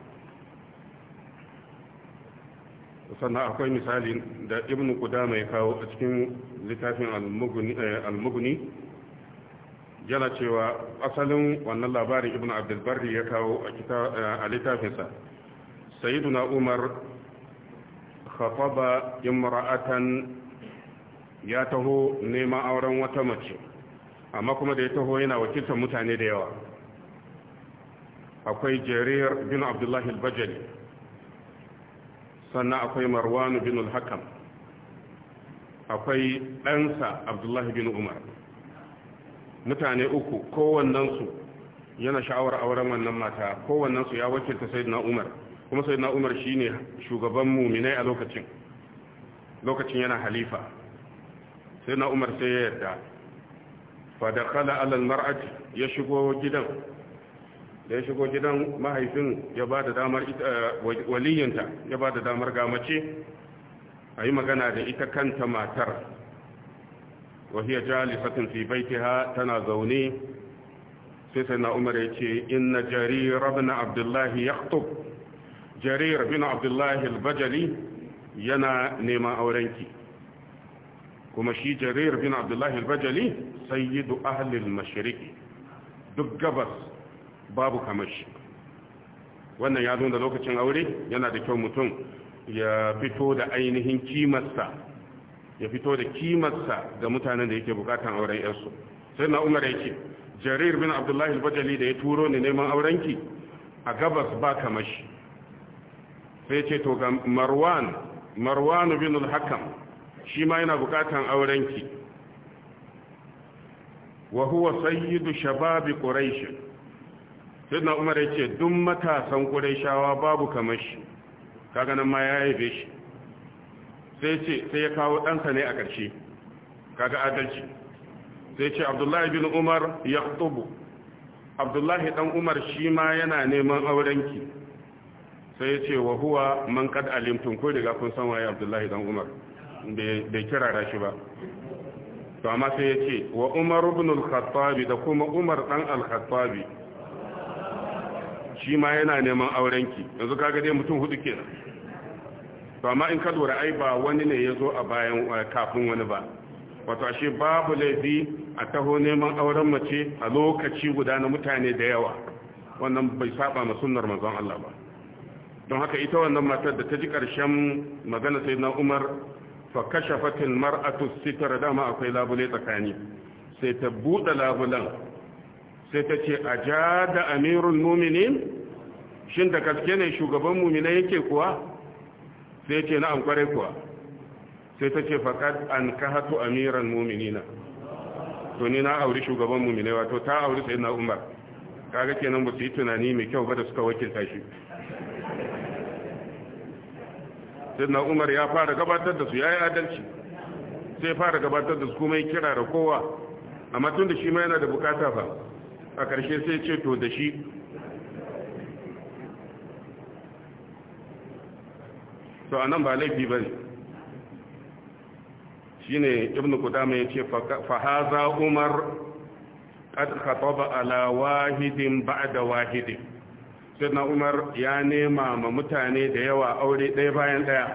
sannan akwai misali da ibn kudama ya kawo a cikin littafin al muguni eh, yana cewa asalin wannan labarin ibn abdulbari ya kawo eh, a littafinsa sayyiduna umar khataba imra'atan ya taho neman auren wata mace amma kuma da ya taho yana wakiltar mutane da yawa akwai jarir bin abdullahi al-bajali sannan akwai Marwanu bin al-hakam akwai ɗansa abdullahi bin umar mutane uku kowannensu yana sha'awar auren wannan mata kowannensu ya wakilta sayyidina umar kuma sayyidina umar shine shugaban muminai a lokacin lokacin yana halifa sayyidina umar sai ya yarda fa dakhala ala al-mar'ati ya shigo gidan da ya shigo gidan mahaifin ya ba da damar eh, waliyinta ya ba da damar gamace a yi magana da ita kanta matar wahiyar jalisatin fi baitiha tana zaune sai sai na umar ya ce inna jarir bin abdullahi ya jarir bin abdullahi albajali yana neman aurenki kuma shi jarir bin abdullahi albajali sayyidu ahlil mashriqi duk gabas babu kamar shi wannan ya zo da lokacin aure yana da kyau mutum ya fito da ainihin kimarsa ya fito da kimarsa ga mutanen da yake bukatan auren yarsu sai na umar yake jarir bin abdullahi al-bajali da ya turo ni neman aurenki a gabas ba kamar shi sai ce to ga marwan marwan bin al-hakam shi ma yana bukatan aurenki wa huwa sayyidu shababi quraish na umar ya ce duk matasan shawa babu kamar shi kaga nan ma ya haife shi sai ce sai ya kawo ɗansa ne a ƙarshe kaga adalci sai ce abdullahi bin umar ya tubu abdullahi ɗan umar shi ma yana neman aurenki sai ce wa huwa man kad alimtum ko daga kun san waye abdullahi dan umar bai kirara shi ba to amma sai ya ce wa umar ibn al khattabi da kuma umar dan al khattabi shi ma yana neman aurenki yanzu kaga dai mutum hudu kenan to amma in ka lura ai ba wani ne yazo a bayan kafin wani ba wato ashe babu laifi a taho neman auren mace a lokaci guda na mutane da yawa wannan bai saba ma sunnar manzon Allah ba don haka ita wannan matar da ta ji karshen magana sai na Umar fa kashafatil mar'atu sitra dama akwai labule tsakani sai ta buɗe labulan sai ta ce a ja da amirun muminin shin da gaske ne shugaban muminai yake kuwa sai ce na amkware kuwa sai ta ce faƙad an ka hatu amiran muminina to ni na auri shugaban muminai wato ta auri sai na umar kaga kenan ba su yi tunani mai kyau ba da suka wakilta shi sai na umar ya fara gabatar da su ya yi adalci sai fara gabatar da su kuma yi kira da kowa amma tun da shi ma yana da bukata fa a ƙarshe sai ce to da shi to a nan ba laifi ba ne shi ne ibn kudama ya ce fahaza umar قد ala wahidin واحد بعد واحد سيدنا umar ya nema ma mutane da yawa aure ɗaya bayan ɗaya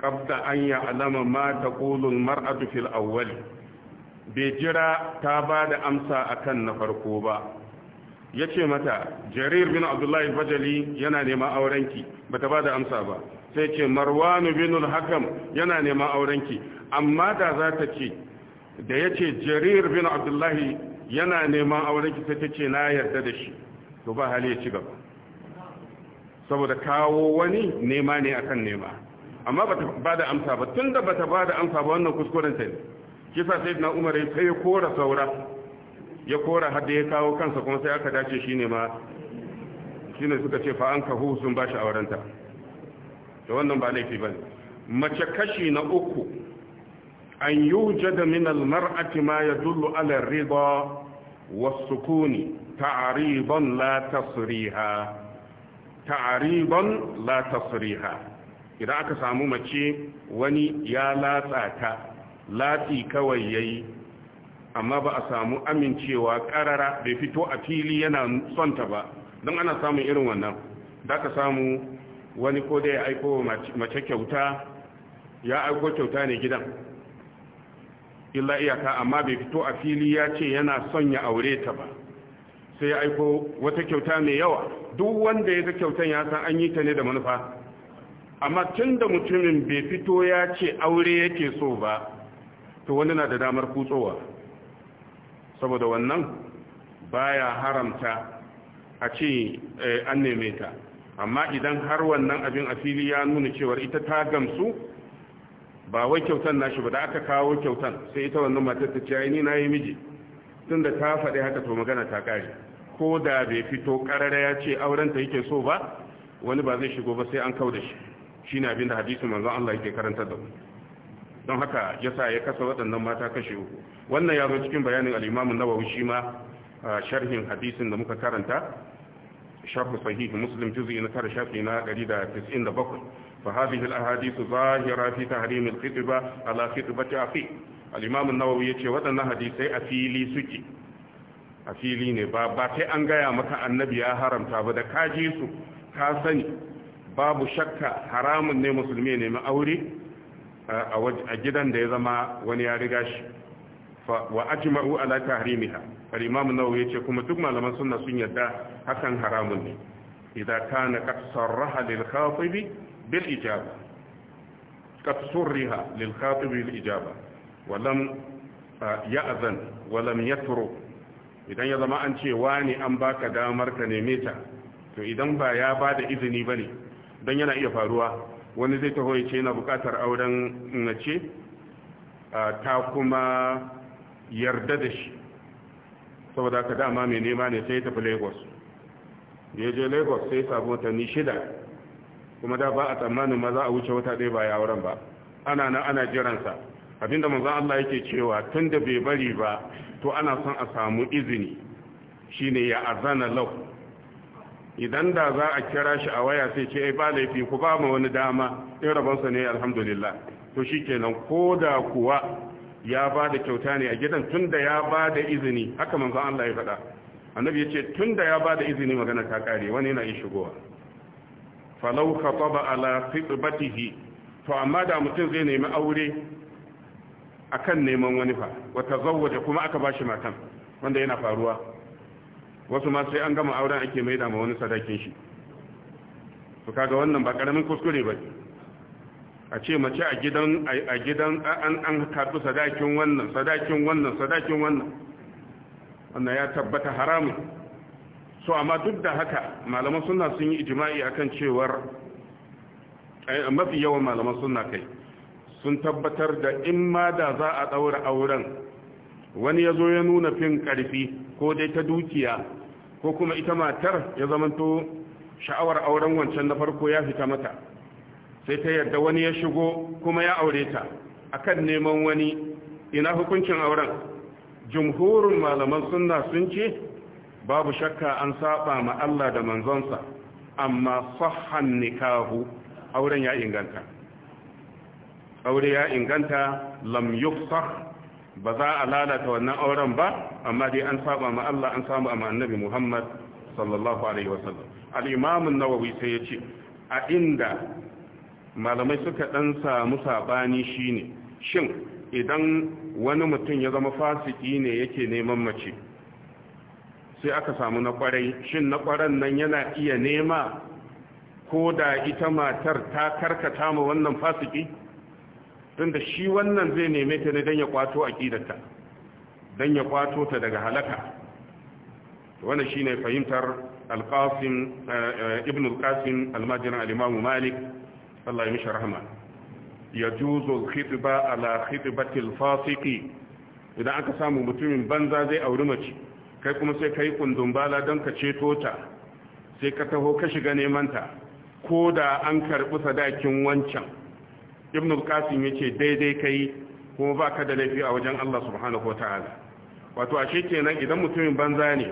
qabda an ya alama ma ta ƙulun mar'adu fil bai jira ta ba da amsa akan na farko ba ya ce mata jarir bin abdullahi bajali yana nema aurenki ba ta ba da amsa ba sai ce marwanu bin hakam yana nema aurenki amma da za ta ce da ya ce jarir bin abdullahi yana nema aurenki sai ta ce na yarda da shi to ba hali ya ci gaba saboda kawo wani nema ne akan nema amma ba ta ba da amsa ba tun da ba ta ba da amsa ba wannan kuskurenta ne Kisa sai na umar sai ya kora saura ya kora har da ya kawo kansa kuma sai aka dace shi ne ma shi ne suka ce fa'an ka sun ba shi aurenta da wannan ba laifi ba mace kashi na uku an yi da min almar'ati ma ya dullu ala riba wasu kuni ta'ariban la tasriha ta'ariban la tasriha idan aka samu mace wani ya latsa ta lati kawai yayi amma ba a samu amincewa karara bai fito a fili yana son ta ba don ana samun irin wannan da ka samu wani ko da ya aiko mace kyauta ya aiko kyauta ne gidan illa iyaka amma bai fito a fili ya ce yana son ya aure ta ba sai ya aiko wata kyauta mai yawa duk wanda ya ga kyautan ya san an yi ta ne da manufa amma tun da mutumin bai fito ya ce aure yake so ba to wani na da damar kutsowa saboda wannan baya haramta a ce eh, an neme ta amma idan har wannan abin fili ya nuna cewar ita ta gamsu ba wai kyautan nashi ba da aka kawo kyautan sai ita wannan matar ta ciyayi ni na yi miji tun da ta faɗi haka to magana ta ƙare ko da bai fito ƙarara ya ce aurenta yake so ba wani ba zai shigo ba sai an kau da shi shi ne abin da hadisu manzon Allah yake karanta da wani don haka ya sa ya kasa waɗannan mata kashe uku wannan ya zo cikin bayanin Alimamin na an shi ma sharhin hadisin da muka karanta shafi sahihi musulun juz'i na tara shafi na 197 fa hadhihi al-ahadith zahira fi tahrim al-khitba ala khitbati afi al-Imam an-Nawawi yace waɗannan hadisai a fili suke a fili ne ba ba sai an gaya maka annabi ya haramta ba da kaji su ka sani babu shakka haramun ne musulmi ne ma aure a gidan da ya zama wani ya riga shi wa ajma'u ala tahrimiha al-imam nawawi yace kuma duk malaman sunna sun yarda hakan haramun ne idza kana sarraha lil khatib bil ijaba lil khatib bil ijaba wa lam ya'zan wa lam yatru idan ya zama an ce wani an baka damar ka neme ta to idan ba ya bada izini bane don yana iya faruwa wani zai taho ya ce yana bukatar auren nace ta kuma yarda da shi saboda ka dama mai nema ne sai tafi lagos da ya je lagos sai sabu watanni shida kuma da ba a tsammanin ma za a wuce wata ɗaya ba ya auren ba ana nan ana jiransa abinda maza Allah yake cewa tun da bai bari ba to ana son a samu izini shine ya azana lau idan da za a kira shi a waya sai ce ai ba laifi ku ba mu wani dama in rabonsa ne alhamdulillah to shikenan koda kuwa ya ba da kyauta ne a gidan tunda ya ba da izini haka manzon Allah ya faɗa annabi ya ce tunda ya ba da izini magana ta kare wani yana yin shigowa falau khataba ala khitbatihi to amma da mutum zai nemi aure akan neman wani fa wa tazawwaja kuma aka bashi matan wanda yana faruwa wasu ma sai an gama auren ake maida ma wani sadakin shi to kaga wannan ba karamin kuskure ba a ce mace a gidan an an sadakin wannan sadakin wannan sadakin wannan wannan ya tabbata haramun so amma duk da haka malaman sunna sun yi ijma'i akan cewar eh, mafi yawan malaman sunna kai sun tabbatar da in ma da za a daura auren wani ya zo ya nuna fin karfi ko dai ta dukiya ko kuma ita matar ya zamanto sha'awar auren wancan na farko ya fita mata sai ta yarda wani ya shigo kuma ya aure ta akan neman wani ina hukuncin auren jumhurin malaman sunna sun ce babu shakka an saba ma Allah da manzonsa amma sahhan nikahu auren ya inganta aure ya inganta lam yufsah ba za a lalata wannan auren ba amma dai an saba ma Allah an samu amma annabi Muhammad sallallahu alaihi wasallam al-imam an-nawawi sai ce. a inda malamai suka dan samu sabani shine shin idan wani mutum ya zama fasiki ne yake neman mace sai aka samu na kwarai shin na kwaran nan yana iya nema ko da ita matar ta karkata ma wannan fasiki tun shi wannan zai neme ta ne don ya kwato aƙidarta don ya kwato ta daga halaka wani shi ne fahimtar alƙasim eh, al alƙasim al-Imamu malik Allah ya mishi rahama ya juzo khitba ala khitbatil fasiki idan aka samu mutumin banza zai auri mace kai kuma sai ka yi bala don ka ceto ta sai ka taho ka shiga neman ta ko da an karɓi sadakin wancan ibn al-qasim yace daidai kai kuma baka da laifi a wajen Allah subhanahu wataala wato ashe kenan idan mutumin banza ne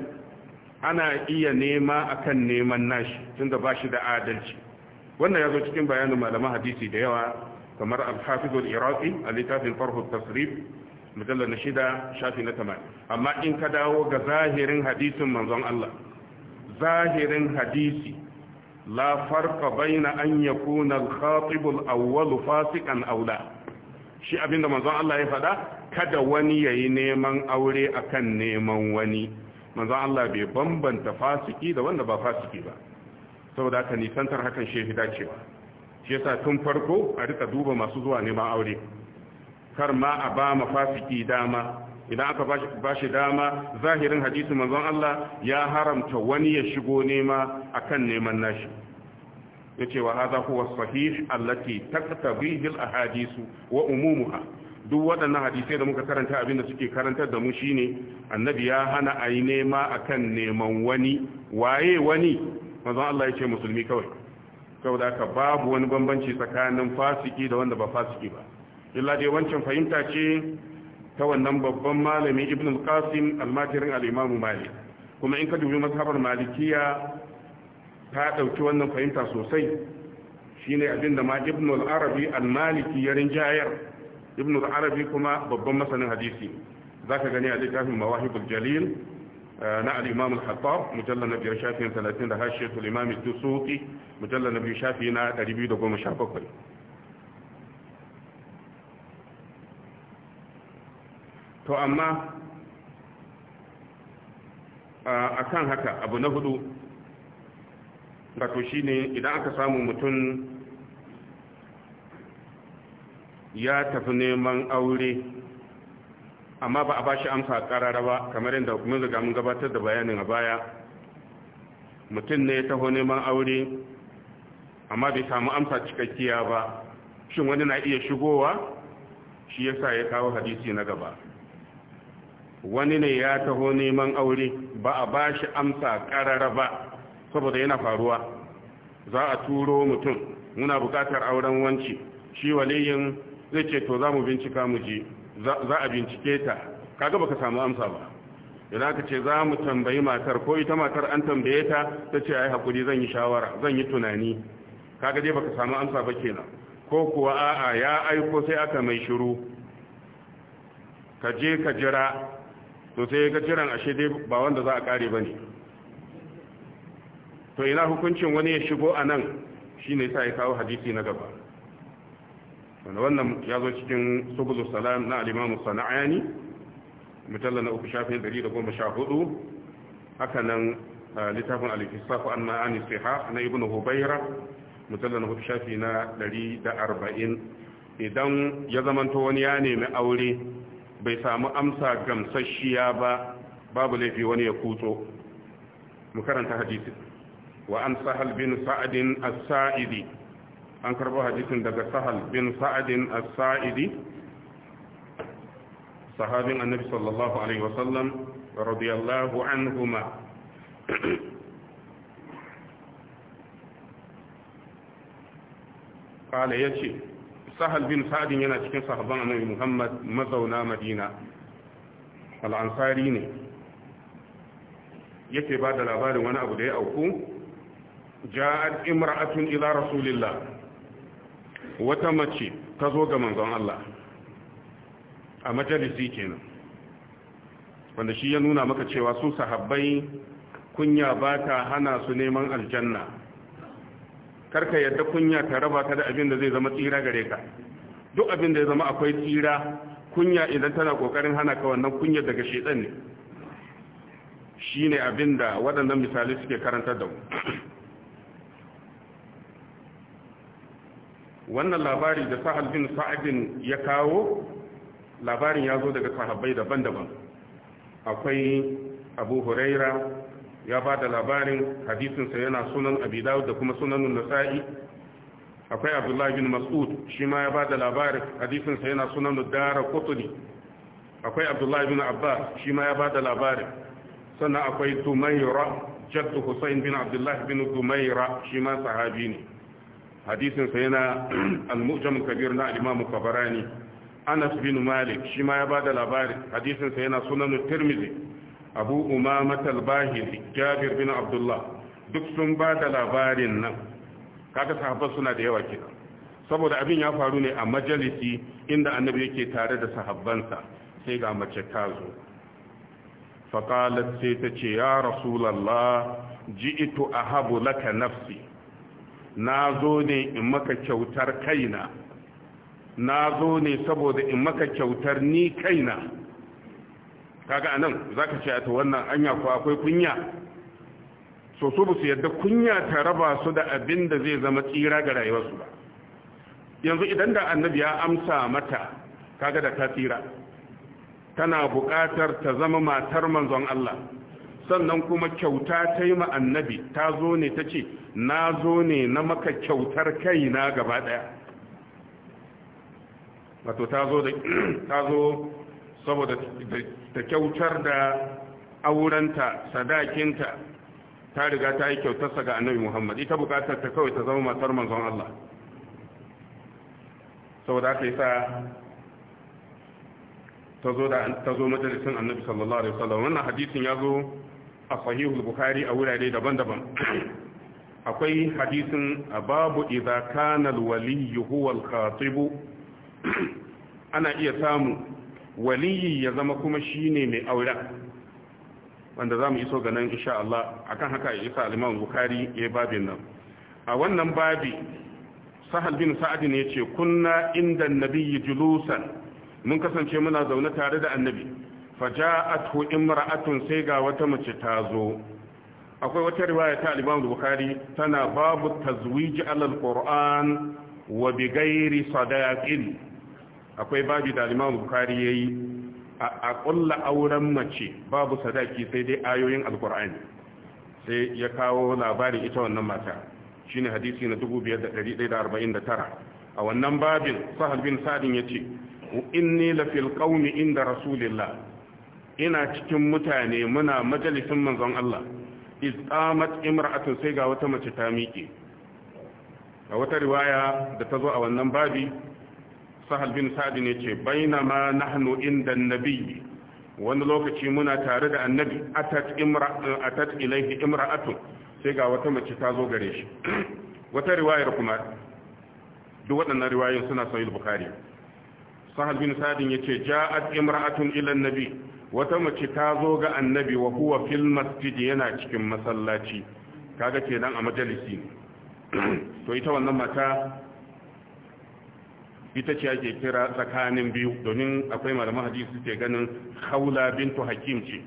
ana iya nema akan neman nashi tunda bashi da adalci wannan yazo cikin bayanin malaman hadisi da yawa kamar al-hafiz al-iraqi a littafin farh at-tasrif mujallal na shida shafi na 80 amma in ka dawo ga zahirin hadisin manzon Allah zahirin hadisi la farqa baina an yakuna al-khatib al-awwal fasiqan aw shi abinda manzon Allah ya faɗa kada wani yayi neman aure akan neman wani manzon Allah bai bambanta fasiki da wanda ba fasiki ba saboda haka nisantar hakan shehi dacewa shi yasa tun farko a rika duba masu zuwa neman aure kar ma a ba ma fasiki dama idan aka ba shi dama zahirin hadisi manzon Allah ya haramta wani ya shigo nema akan neman nashi yace wa hadha huwa sahih allati taqtabi bil ahadith wa umumuha duk waɗannan hadisai da muka karanta abinda suke karantar da mu shine annabi ya hana a yi nema akan neman wani waye wani manzon Allah yace musulmi kawai saboda haka babu wani bambanci tsakanin fasiki da wanda ba fasiki ba illa dai wancan fahimta ce ta wannan babban malami ibn al-qasim almajirin al-imamu malik kuma in ka dubi mazhabar malikiya ta dauki wannan fahimta sosai shine abin da ma ibn al-arabi al-maliki ya rinjayar ibn al-arabi kuma babban masanin hadisi zaka gani a littafin mawahibul jalil eh, na al-imam al-hattab mujallal nabiyar shafi'in 30 da hashiyatul imam ad-dusuqi mujallal nabiyar shafi'ina 217 to amma a kan haka abu na hudu wato shi ne idan aka samu mutum ya tafi neman aure amma ba a ba shi amsa karara ba kamar yadda mun riga mun gabatar da bayanin a baya mutum ne ya taho neman aure amma bai samu amsa cikakkiya ba shin wani na iya shigowa shi yasa ya kawo hadisi na gaba wani ne ya taho neman aure ba a ba shi amsa karara ba saboda yana faruwa za a turo mutum muna bukatar auren wanci shi waliyin zai ce to za mu bincika mu ji za a bincike ta kaga baka samu amsa ba idan ka ce za mu tambayi matar ko ita matar an tambaye ta ta ce ai hakuri zan yi shawara zan yi tunani kaga dai baka samu amsa ba kenan ko kuwa a'a ya aiko sai aka mai shiru ka je ka jira to sai ga jiran ashe dai ba wanda za a kare ba ne to ina hukuncin wani ya shigo a nan shi ne sa ya kawo hadisi na gaba wanda wannan ya zo cikin subulu salam na alimamu sana'ani mutalla na uku shafi 114 haka nan littafin alifisafu an ma'ani siha na ibn hubaira mutalla na uku shafi na 140 idan ya zamanto wani ya nemi aure bai samu amsa gamsasshiya ba babu laifi wani ya kutso mu karanta hadisin wa an sahal bin sa'adin as-sa'idi an karbo hadisin daga sahal bin sa'adin as-sa'idi sahabin annabi sallallahu alaihi wa wasallam radiyallahu anhuma قال يشي sahal bin sa'adin yana cikin sahabban annabi muhammad mazauna madina al'ansari ne yake ba da labarin wani abu da ya auku ja'ad imra'atun ila rasulillah wata mace ta zo ga manzon Allah a majalisi kenan wanda shi ya nuna maka cewa su sahabbai kunya ba ta hana su neman aljanna karka yadda kunya ta raba ta da abin da zai zama tsira gare ka duk abin da ya zama akwai tsira kunya idan tana kokarin hana ka wannan kunya daga shedan ne shine abin da waɗannan misali suke karanta da wannan labari da sahal bin sa'adin ya kawo labarin ya zo daga sahabbai daban-daban akwai abu huraira ya ba da labarin hadisinsa yana sunan abi da kuma sunanun nasa'i akwai abdullahi bin mas'ud shi ma ya ba da labarin hadisinsa yana sunan dara kutuni akwai abdullahi bin abbas shi ma ya ba da labarin sannan akwai tumaira jaddu Hussein bin abdullahi bin tumaira shi ma sahabi ne hadisinsa yana al-mu'jam kabir na al-imam kabarani anas bin malik shi ma ya ba da labarin hadisinsa yana sunan tirmidhi abu umama talbahiri jabir bin abdullah duk sun ba da labarin nan kaga sahaba suna da yawa kenan saboda abin ya faru ne a majalisi inda annabi yake tare da sahabbansa sai ga mace ta zo qalat sai ta ce ya rasulullah ji ito a laka nafsi na zo ne in maka kyautar kaina na zo ne saboda in maka kyautar ni kaina kaga anan zaka ce to wannan anya ko akwai kunya so so su yadda kunya ta raba su da abin da zai zama tsira ga rayuwarsu ba yanzu idan da annabi ya amsa mata kaga da ta tsira tana buƙatar ta zama matar manzon Allah sannan kuma kyauta ta yi ma annabi ta zo ne ta ce na zo ne na maka kyautar kaina gaba ɗaya wato ta zo saboda ta kyautar da aurenta sadakinta ta riga ta yi kyautarsa ga annabi muhammad ita bukatar ta kawai ta zama matar manzon Allah saboda aka yi sa ta zo majalisun annabi sallallahu alaihi wasallam wannan hadisin ya zo a sahihul bukhari a wurare daban-daban akwai hadisin babu idza kana alwali huwa ana iya samu waliyi ya zama kuma shi ne mai aure. wanda za mu iso ga nan insha Allah akan haka ya isa al bukari Bukhari ya babin nan a wannan babi Sahal bin Sa'ad ne yace kunna inda annabi julusan mun kasance muna zaune tare da annabi Faja'atu, imra'atun sai ga wata mace ta zo akwai wata riwaya ta al-Imam Bukhari tana babu tazwiji alal Qur'an wa bighairi sadaqin akwai babi da Imam Bukhari yayi a ƙulla auren mace babu sadaki sai dai ayoyin alkur'ani sai ya kawo labarin ita wannan mata shine hadisi na 5149 a wannan babin Sahal bin Sa'din yace inni la fil inda rasulillah ina cikin mutane muna majalisin manzon Allah iz qamat imra'atun sai ga wata mace ta miƙe a wata riwaya da ta zo a wannan babi sahal bin sa'adin ya ce bainama nahnu inda nabi wani lokaci muna tare da annabi atat ilaihi imra'atun sai ga wata mace ta zo gare shi wata riwayar kuma duk waɗannan riwayoyin suna sahih bukhari sahal bin sa'adin ya ce ja'at imra'atun ila annabi wata mace ta zo ga annabi wa huwa fil masjid yana cikin masallaci kaga kenan a majalisi to ita wannan mata ita ce ake kira tsakanin biyu domin akwai malaman hadisi ke ganin haula bintu hakim ce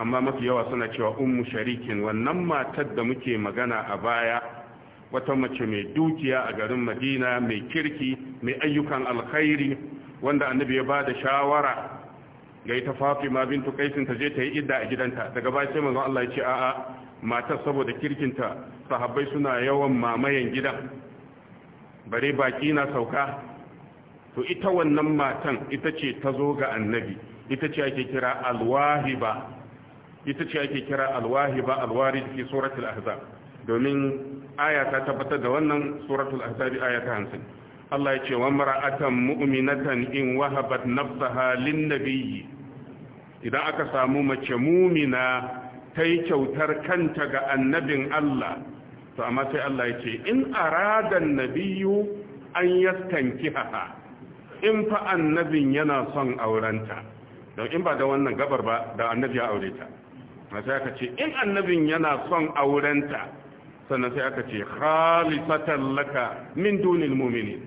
amma mafi yawa suna cewa ummu sharikin wannan matar da muke magana a baya wata mace mai dukiya a garin madina mai kirki mai ayyukan alkhairi wanda annabi ya bada shawara ga ita fafima bintu kaisin ta je ta yi idda a gidanta daga baya sai manzon Allah ya ce a'a matar saboda kirkinta sahabbai suna yawan mamayen gidan bare baki na sauka to ita wannan matan ita ce ta zo ga annabi ita ce ake kira alwahiba ita ce ake kira alwahiba alwarid fi suratul ahzab domin aya ta tabbatar da wannan suratul ahzab aya ta 50 Allah ya ce wa mar'atan mu'minatan in wahabat nafsaha lin-nabiyyi idan aka samu mace mumina ta yi kyautar kanta ga annabin Allah to amma sai Allah ya ce in aradan nabiyu an haha, in fa annabin yana son aurenta don in ba da wannan gabar ba da annabi ya aure ta sai aka ce in annabin yana son aurenta sannan sai aka ce khalifatan laka min dunil mu'minin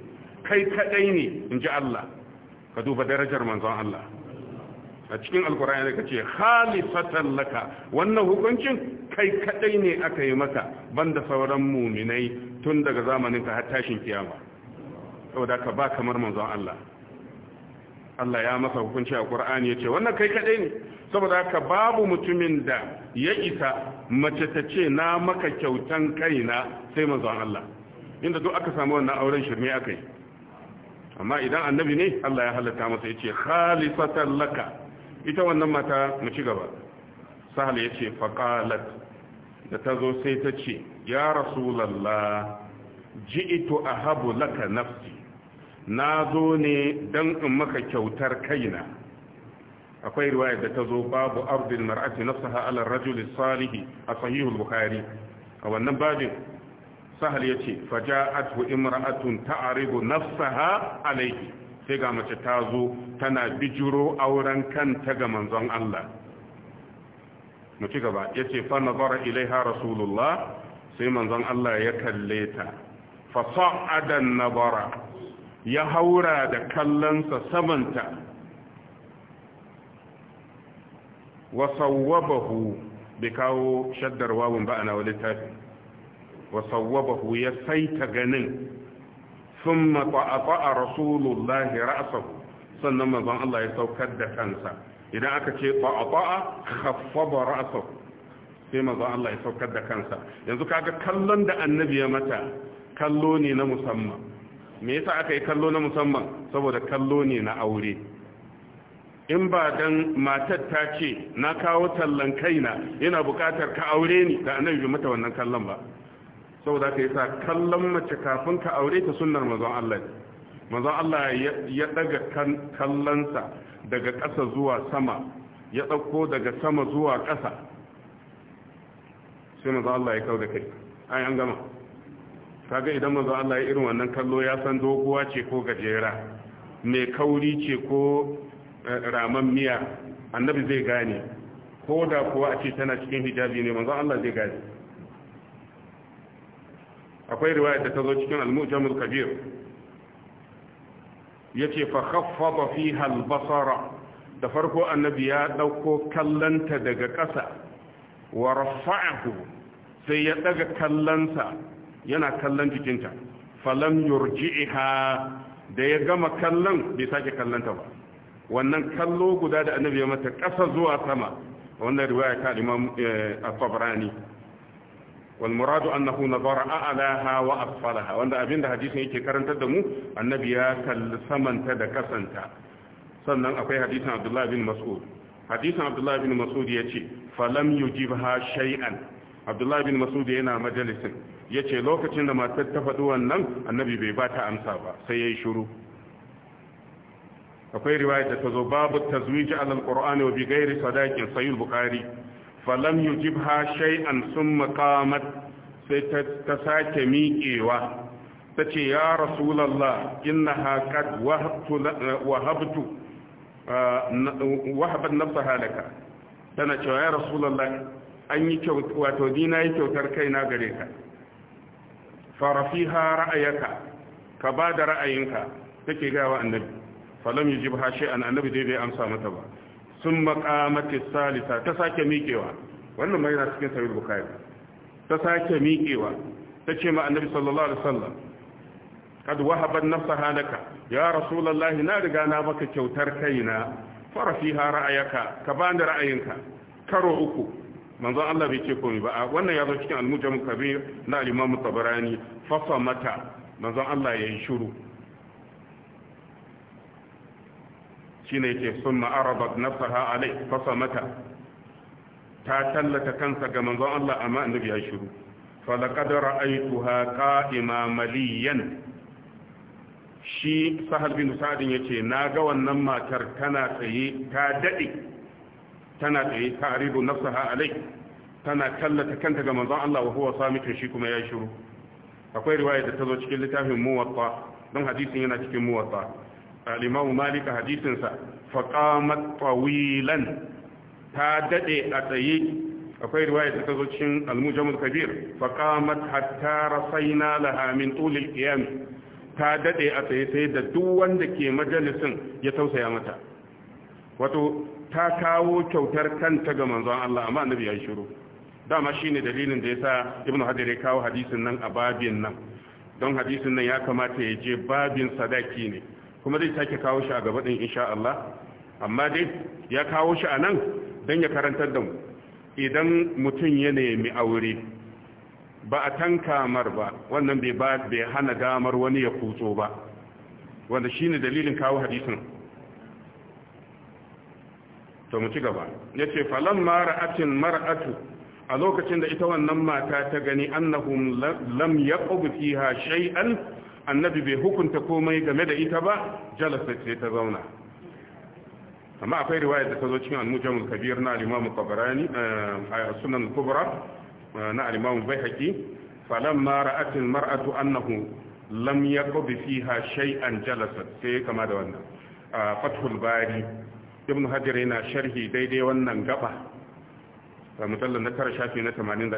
kai kadai ne in ji Allah ka duba darajar manzon Allah a cikin alkur'ani da kace khalifatan laka wannan hukuncin kai kadai ne aka yi maka banda sauran muminai tun daga zamanin ka har tashin kiyama saboda ka ba kamar manzon Allah Allah ya masa hukunci a Qur'ani yace wannan kai kadai ne saboda ka babu mutumin da ya isa mace ta ce na maka kyautan kaina sai manzon Allah inda duk aka samu wannan auren shirme akai amma idan annabi ne Allah ya halatta masa yace khalifatan laka ita wannan mata mu ci gaba sahal ya ce faƙalat da ta zo sai ta ce ya rasulallah ji'itu a habu laka nafsi na zo ne don in maka kyautar kaina akwai riwayar da ta zo babu abdul mar'ati nafsaha ala rajul salihi a sahihul bukhari a wannan babin sahal ya ce faja'atu imra'atun ta'aribu nafsaha alayhi sai ga mace ta zo tana bijiro auren kanta ga manzon Allah mu ci gaba ya ce fa nazara ilaiha rasulullah sai manzon Allah ya kalle ta fa sa'adan nazara ya haura da kallonsa samanta wa sawwabahu bai kawo shaddar wawun ba ana wani tafi wa sawwabahu ya saita ganin ثم طأطأ رسول الله رأسه sannan manzon Allah ya saukar da kansa idan aka ce ta'ata'a khaffada ra'sahu sai manzon Allah ya saukar da kansa yanzu kaga kallon da annabi ya mata kallo ne na musamman me yasa aka yi kallo na musamman saboda kallo ne na aure in ba dan matar ta ce na kawo tallan kaina yana bukatar ka aure ni da annabi bai mata wannan kallon ba saboda ka yasa kallon mace kafin ka aure ta sunnar mazan Allah mazan Allah ya daga kallonsa daga ƙasa zuwa sama ya dauko daga sama zuwa ƙasa sai mazan Allah ya da kai ai an gama kaga idan mazan Allah ya irin wannan kallo ya san doguwa ce ko gajera mai kauri ce ko eh, raman miya annabi zai gane ko da kuwa a ce tana cikin hijabi ne manzon Allah zai gane akwai riwaya da ta zo cikin al-mujamul kabir yace fa khaffada fiha al-basara da farko annabi ya dauko kallanta daga ƙasa wa rafa'ahu sai ya daga kallansa yana kallon jikinta falam yurji'iha da ya gama kallon bai sake kallanta ba wannan kallo guda da annabi ya mata ƙasa zuwa sama wannan riwaya ta imam eh, at-tabrani Walmuradu, muradu annahu nazara a'laha wa asfalaha wanda abinda hadisin yake karantar da mu annabi ya kalli samanta da kasanta sannan akwai hadisin Abdullah bin Mas'ud hadisin Abdullah bin Mas'ud yace falam yujibha shay'an Abdullah bin Mas'ud yana majalisin yace lokacin da matar ta faɗi wannan annabi bai bata amsa ba sai yayi shiru akwai riwaya da ta zo babu tazwiji alal qur'ani wa bi ghairi sadaqin bukhari falam yujibha shay'an summa qamat sai ta sake miƙewa ta ce ya rasulullah innaha qad wahabtu wahabtu ah, wahabat nafsaha laka tana cewa ya rasulullah an yi wato dina yi kyautar kaina gare ka farafi ha ra'ayaka ka ba da ra'ayinka take gawa annabi falam yujibha shay'an annabi dai bai amsa mata ba sun makamati salisa ta sake miƙewa wannan mai yana cikin sahih bukhari ta sake miƙewa ta ce ma annabi sallallahu alaihi wasallam kad wahaban nafsaha laka ya rasulullahi na riga na maka kyautar kaina fara fiha ra'ayaka ka bani ra'ayinka karo uku manzon Allah bai ce komai ba wannan ya zo cikin al-mujam kabir na al-imam tabarani fasa mata manzon Allah ya yi shiru shine ke summa arabat nafsaha alai mata. ta tallata kansa ga manzon Allah amma annabi ya shiru falaqad ra'aytuha qa'ima maliyan shi sahal bin sa'adin yace ga wannan matar tana tsaye ta dade tana tsaye ta aridu nafsaha alai tana tallata kanta ga manzon Allah wa huwa samitun shi kuma ya shiru akwai riwaya da ta zo cikin littafin muwatta don hadisin yana cikin muwatta al malik hadisin sa tawilan ta dade a tsaye akwai riwaya ta zo cikin al kabir fa qamat hatta rasaina laha min tul al-qiyam ta dade a tsaye sai da duk wanda ke majalisin ya tausaya mata wato ta kawo kyautar kanta ga manzon Allah amma annabi ya shiru dama shine dalilin da yasa ibnu hadir ya kawo hadisin nan a babin nan don hadisin nan ya kamata ya je babin sadaki ne kuma zai sake kawo shi a gaba din insha Allah amma dai ya kawo shi a nan don ya karantar da mu idan mutum ya nemi aure ba a tankamar ba wannan bai hana damar wani ya kutso ba wanda shi dalilin kawo hadisin to mu ci gaba yace ce falon mar'atu a lokacin da ita wannan mata ta gani annahum lam ya fiha shay'an annabi bai hukunta komai game da ita ba jalasa ce ta zauna amma akwai riwaya da ta zo cikin al-mujamul kabir na al-imam tabarani eh, a sunan kubra eh, na al-imam baihaqi falamma ra'at al-mar'atu annahu lam yaqub fiha shay'an jalasat sai kama da wannan fathul bari ibn hajar yana sharhi daidai wannan gaba a mutallan na tara shafi na 81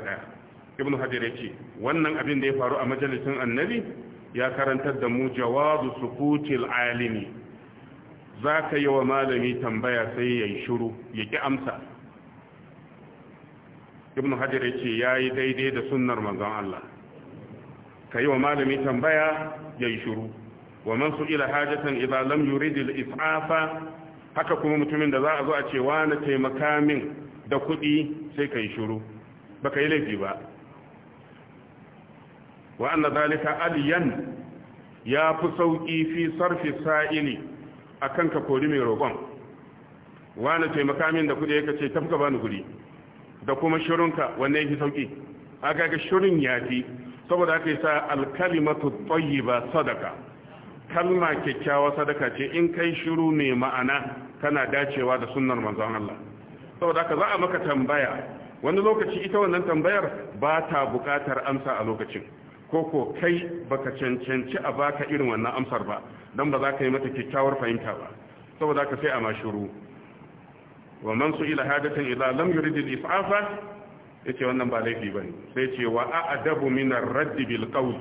ibn hajar yace wannan abin da ya faru a majalisin annabi ya karantar da mu jawazu sukutil alimi za ka yi wa malami tambaya sai ya yi shuru ya ki amsa ibn hajar ya ce ya yi daidai da sunnar manzon Allah ka yi wa malami tambaya ya yi shuru wa man su ila hajatan idan lam yurid al isafa haka kuma mutumin da za a zo a ce wa na taimaka min da kuɗi sai ka yi shuru baka yi laifi ba wa anna zalika aliyan ya fi sauƙi fi sarfi sa'ili akan ka kori mai roƙon wani taimaka min da kuɗi ka ce tafka bani guri da kuma shirinka wanne yake sauƙi aka ga shirin ya fi saboda aka yi sa alkalimatu ba sadaka kalma kyakkyawa sadaka ce in kai shiru mai ma'ana kana dacewa da sunnar manzon Allah saboda haka za a maka tambaya wani lokaci ita wannan tambayar ba ta buƙatar amsa a lokacin ko ko kai baka cancanci a baka irin wannan amsar ba don ba za ka yi mata kyakkyawar fahimta ba saboda ka sai a mashuru wa man su ila hadatan idza lam yurid al isafa yace wannan ba laifi bane sai ce wa adabu min ar radd bil qawl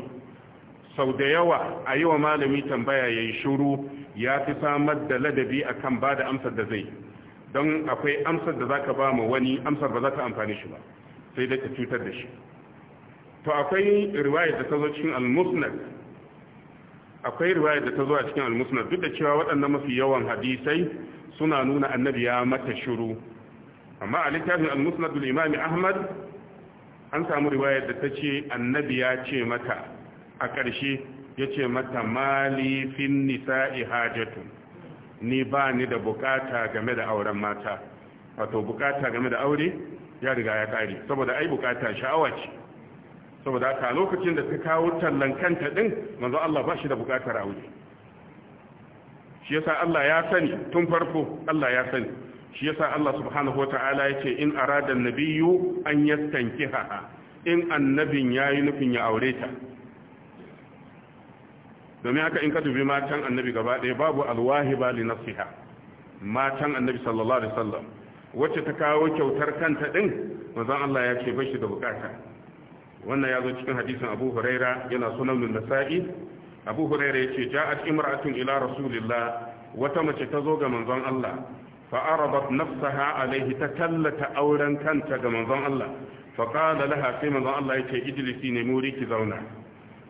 sau da yawa a yi wa malami tambaya yayi shuru ya fi samar da ladabi akan ba da amsar da zai don akwai amsar da zaka ba mu wani amsar ba za ka amfane shi ba sai dai ka cutar da shi to akwai riwaya da ta zo cikin al-musnad akwai riwaya da ta zo a cikin al-musnad duk da cewa waɗannan mafi yawan hadisai suna nuna annabi ya mata shiru amma a littafin al-musnad da imam ahmad an samu riwaya da ta ce annabi ya ce mata a ƙarshe ya ce mata mali fin nisa'i hajatu ni ba ni da bukata game da auren mata wato bukata game da aure ya riga ya kare saboda ai bukata sha'awa ce saboda haka lokacin da ta kawo tallan kanta din manzo Allah ba shi da bukatar aure shi yasa Allah ya sani tun farko Allah ya sani shi yasa Allah subhanahu wataala yace in arada an-nabiyyu an yastankiha in annabin yayi nufin ya aure ta domin haka in ka dubi matan annabi gaba ɗaya babu alwahiba li nafsiha matan annabi sallallahu alaihi wasallam wacce ta kawo kyautar kanta din manzon Allah ya ce bashi da bukata wannan ya zo cikin hadisin abu huraira yana sunan nasa'i abu huraira ya ce ja'at imra'atun ila rasulillah wata mace ta zo ga manzon Allah fa nafsaha alaihi ta tallata auren kanta ga manzon Allah fa qala laha sai manzon Allah yake ijlisi ne muri ki zauna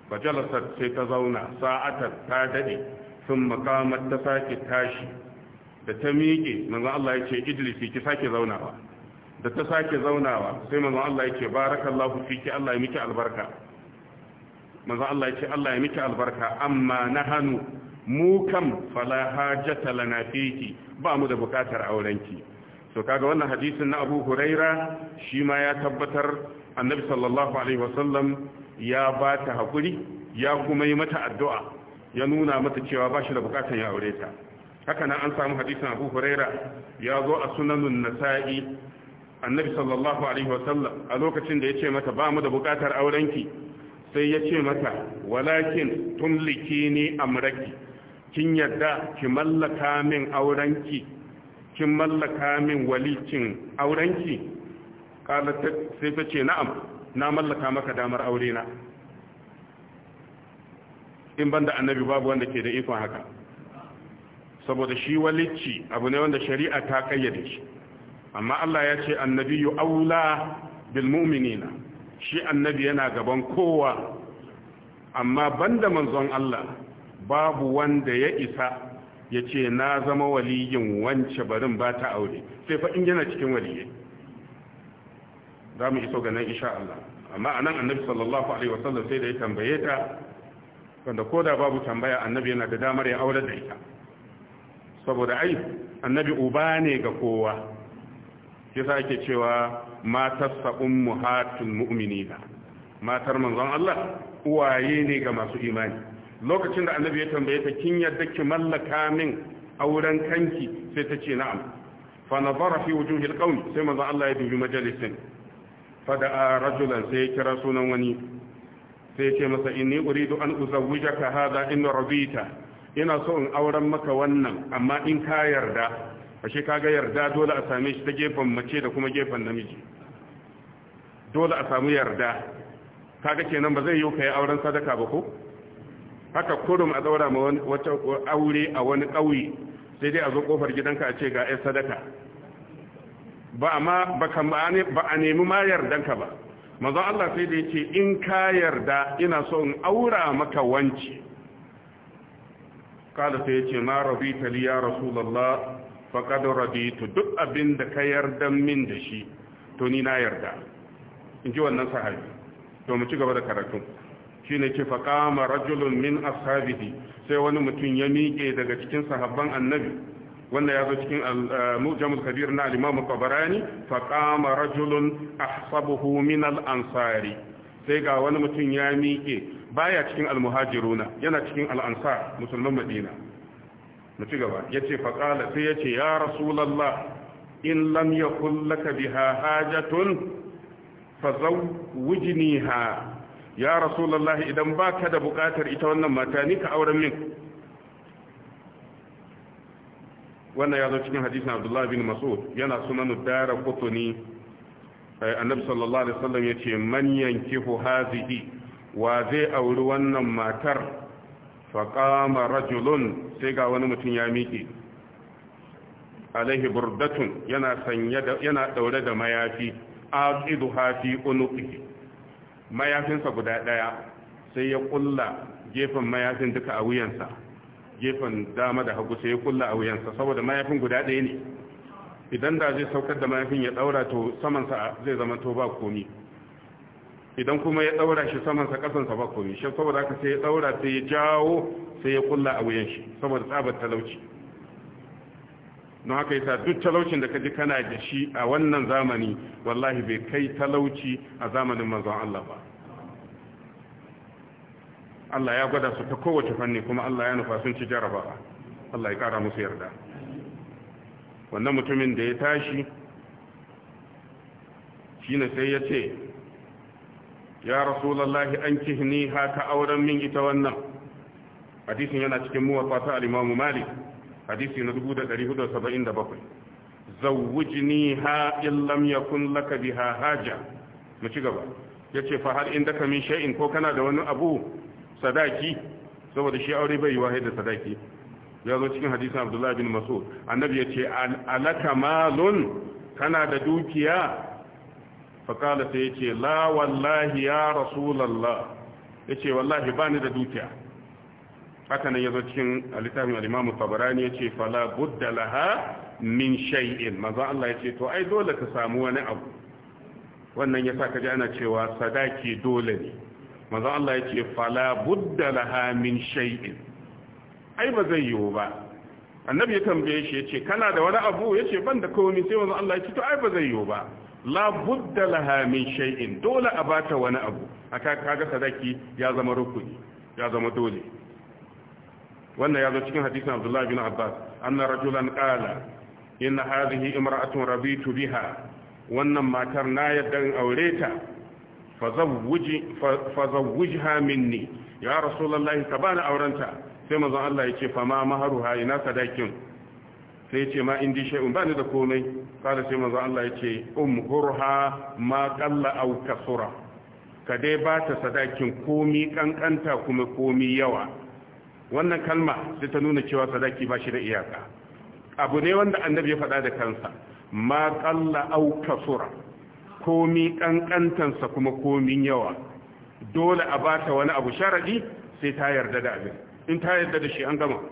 fa jalasat sai ta zauna sa'atan ta dade thumma qamat ta sake tashi da ta miƙe manzon Allah yake ijlisi ki zauna ba. da ta sake zaunawa sai manzon Allah yake barakallahu fiki Allah ya miki albarka manzon Allah yake Allah ya miki albarka amma nahanu mu kam fala hajata lana fiki ba mu da bukatar aurenki to kaga wannan hadisin na Abu Huraira shi ma ya tabbatar Annabi sallallahu alaihi wasallam ya ba ta hakuri ya kuma yi mata addu'a ya nuna mata cewa ba shi da bukatar ya aure ta haka nan an samu hadisin Abu Huraira ya zo a sunanun Nasa'i annabi sallallahu alaihi wasallam a lokacin da ya ce mata ba mu da bukatar aurenki sai ya ce mata walakin tumliki ni amraki kin yadda ki mallaka min aurenki kin mallaka min walikin aurenki kala sai ta ce na'am na mallaka maka damar aure na in banda annabi babu wanda ke da ikon haka saboda shi walicci abu ne wanda shari'a ta kayyade shi amma Allah ya ce annabiyu aula bilmuminina shi annabi yana gaban kowa amma banda manzon Allah babu wanda ya isa ya ce na zama waliyin wance barin ba ta aure sai fa in yana cikin waliye za mu iso ganin insha Allah amma anan annabi sallallahu alaihi wasallam sai da ya tambaye ta wanda ko da babu tambaya annabi yana da damar ya aure da ita saboda ai annabi uba ne ga kowa yasa ake cewa matarsa ummuhatul mu'minina matar manzon Allah uwaye ne ga masu imani lokacin da annabi ya tambaye ta kin yadda ki mallaka min auren kanki sai ta ce na'am fa nazara fi wujuhil qawmi sai manzon Allah ya dubi majalisin fa da rajulan sai ya kira sunan wani sai ya ce masa inni uridu an uzawwijaka hadha in radita ina so in auren maka wannan amma in ka yarda ashe ga yarda dole a same shi ta gefen mace da kuma gefen namiji dole a samu yarda kaga kenan ba zai yi kai auren sadaka ba ko haka kurum a daura ma wata aure a wani kauye sai dai a zo kofar gidanka a ce ga ai sadaka ba amma ba ba a nemi ma yardan ka ba manzo Allah sai da yace in ka yarda ina so in aura maka wanci kada sai yace ma rabita li ya rasulullah faqad raditu duk abin da ka yarda min da shi to ni na yarda in ji wannan sahabi to mu ci gaba da karatu shine ce faqama rajulun min ashabihi sai wani mutum ya miƙe daga cikin sahabban annabi Wannan ya zo cikin eh, mujamul kabir na al-imam qabarani rajulun ahsabuhu min ansari sai ga wani mutum ya miƙe baya cikin al yana cikin al-ansar musulman madina mu ci gaba yace ce faƙala sai yace ya rasulullah in lam yakul laka biha hajatun ha ya rasulullah idan baka da bukatar ita wannan mata ni ka auren min wannan ya zo cikin hadisin abdullahi bin mas'ud yana sunan dara kutuni eh, annabi sallallahu alaihi wasallam yace man yankihu hazihi wa zai auri wannan matar faƙama rajulun sai ga wani mutum ya miƙe alaihi burdatun yana ɗaure da mayafi aqidu hafi unuqi mayafinsa guda ɗaya sai ya kulla gefen mayafin duka a wuyansa gefen dama da hagu sai ya kulla a wuyansa saboda mayafin guda ɗaya ne idan da zai saukar da mayafin ya ɗaura to samansa zai zama to ba komi idan kuma ya daura shi samansa kasansa ba komai shi saboda haka sai ya daura sai ya jawo sai ya kulla a wuyan shi saboda tsabar talauci don haka yasa duk talaucin da kaji kana da shi a wannan zamani wallahi bai kai talauci a zamanin manzon Allah ba Allah ya gwada su ta kowace fanni kuma Allah ya nufa sun ci jarabawa Allah ya kara musu yarda wannan mutumin da ya tashi shine sai ya ce ya rasulallahi an kihni haka auren min ita wannan hadisin yana cikin muwatta ta al malik hadisi na 1477 zawwijni ha in lam yakun laka biha haja mu ci gaba yace fa hal indaka min shay'in ko kana da wani abu sadaki saboda shi aure bai wahai da sadaki ya cikin hadisin abdullahi bin mas'ud annabi yace alaka malun kana da dukiya faƙala ta ya ce la wallahi ya rasulallah ya ce wallahi ba ni da dukiya haka nan ya zo cikin littafin alimamu tabarani ya ce fala budda laha min shay'in maza Allah ya ce to ai dole ka samu wani abu wannan ya sa ka ji ana cewa sadaki dole ne maza Allah ya ce fala budda laha min shay'in ai ba zai yiwu ba annabi ya tambaye shi ya ce kana da wani abu ya ce ban da komi sai wanzu Allah ya ce to ai ba zai yiwu ba la budda laha min shay'in dole a bata wani abu aka kaga sadaki ya zama rukuni ya zama dole wannan ya zo cikin hadisin Abdullah bin Abbas anna rajulan qala inna hadhihi imra'atun rabitu biha wannan matar na yadda in aure ta fazawwiji hamin minni ya rasulullahi ka ni aurenta sai manzon Allah yace fa ma maharuha ina sadakin sai ce ma indi shay'un ba ni da komai kada sai manzo Allah ya ce umhurha ma qalla aw kasura ka dai ba ta sadakin komi kankanta kuma komi yawa wannan kalma sai ta nuna cewa sadaki ba shi da iyaka abu ne wanda annabi ya faɗa da kansa ma qalla aw kasura komi kankantansa kuma komin yawa dole a ba ta wani abu sharadi sai ta yarda da abin in ta yarda da shi an gama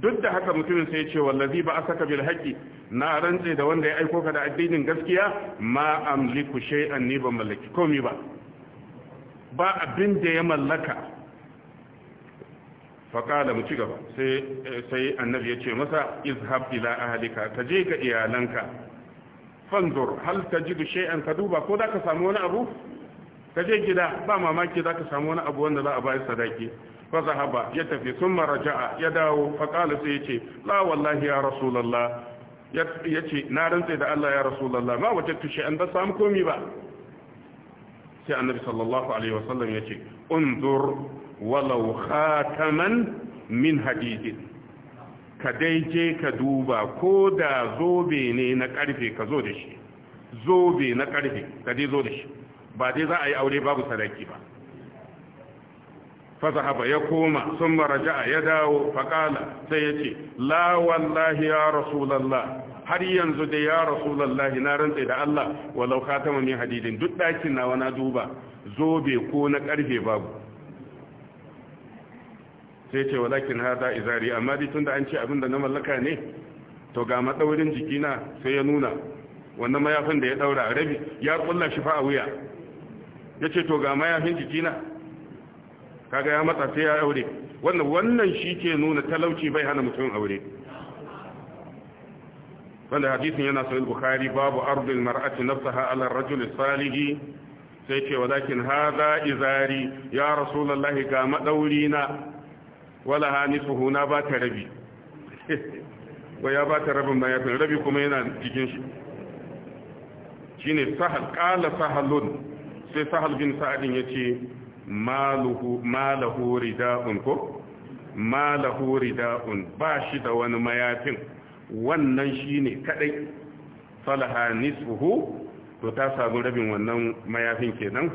duk da haka mutumin sai ya ce wallazi ba asaka bil haqqi na rantse da wanda ya aiko ka da addinin gaskiya ma amliku shay'an ni ba mallaki komai ba ba abin da ya mallaka kala mu ci gaba sai annabi ya ce masa izhab ila ahlika ka je ga iyalanka fanzur hal tajidu shay'an ka duba ko za ka samu wani abu ka je gida ba mamaki za ka samu wani abu wanda za a bayar sadaki fa zahaba ya tafi summa raja'a ya dawo fa qala sai la wallahi ya rasulullah yace na rantsa da Allah ya rasulullah ma wajadtu shay'an da samu komi ba sai annabi sallallahu alaihi wasallam yace unzur walau khataman min hadidin ka dai je ka duba ko da zobe ne na karfe ka zo da shi zobe na karfe ka dai zo da shi ba dai za a yi aure babu sadaki ba Fasahaba ya فذهب يقوم ثم رجع يداه فقال سيتي لا والله يا رسول الله har yanzu da ya rasulullahi na rantsa da Allah walau khatama mai hadidin duk ɗakin nawa na duba zobe ko na karfe babu sai ce walakin haza izari amma dai da an ce abin da na mallaka ne to ga madaurin jikina sai ya nuna wannan mayafin da ya daura rabi ya kulla shi fa a wuya ce to ga mayafin jikina kaga ya matsa sai ya aure wannan wannan shi ke nuna talauci bai hana mutum aure wanda hadisin yana sahih bukhari babu ardul mar'ati nafsaha ala ar-rajul salih sai ce walakin hadha izari ya rasulullahi ga madauri na wala hanifuhu na ba ta rabi wa ya ba ta rabin mayafin rabi kuma yana cikin shi shine sahal qala sahalun sai sahal bin sa'adin yace malahu rida'un ko malahu rida'un ba shi da wani mayafin wannan shine kadai salaha nisfuhu to ta samu rabin wannan mayafin kenan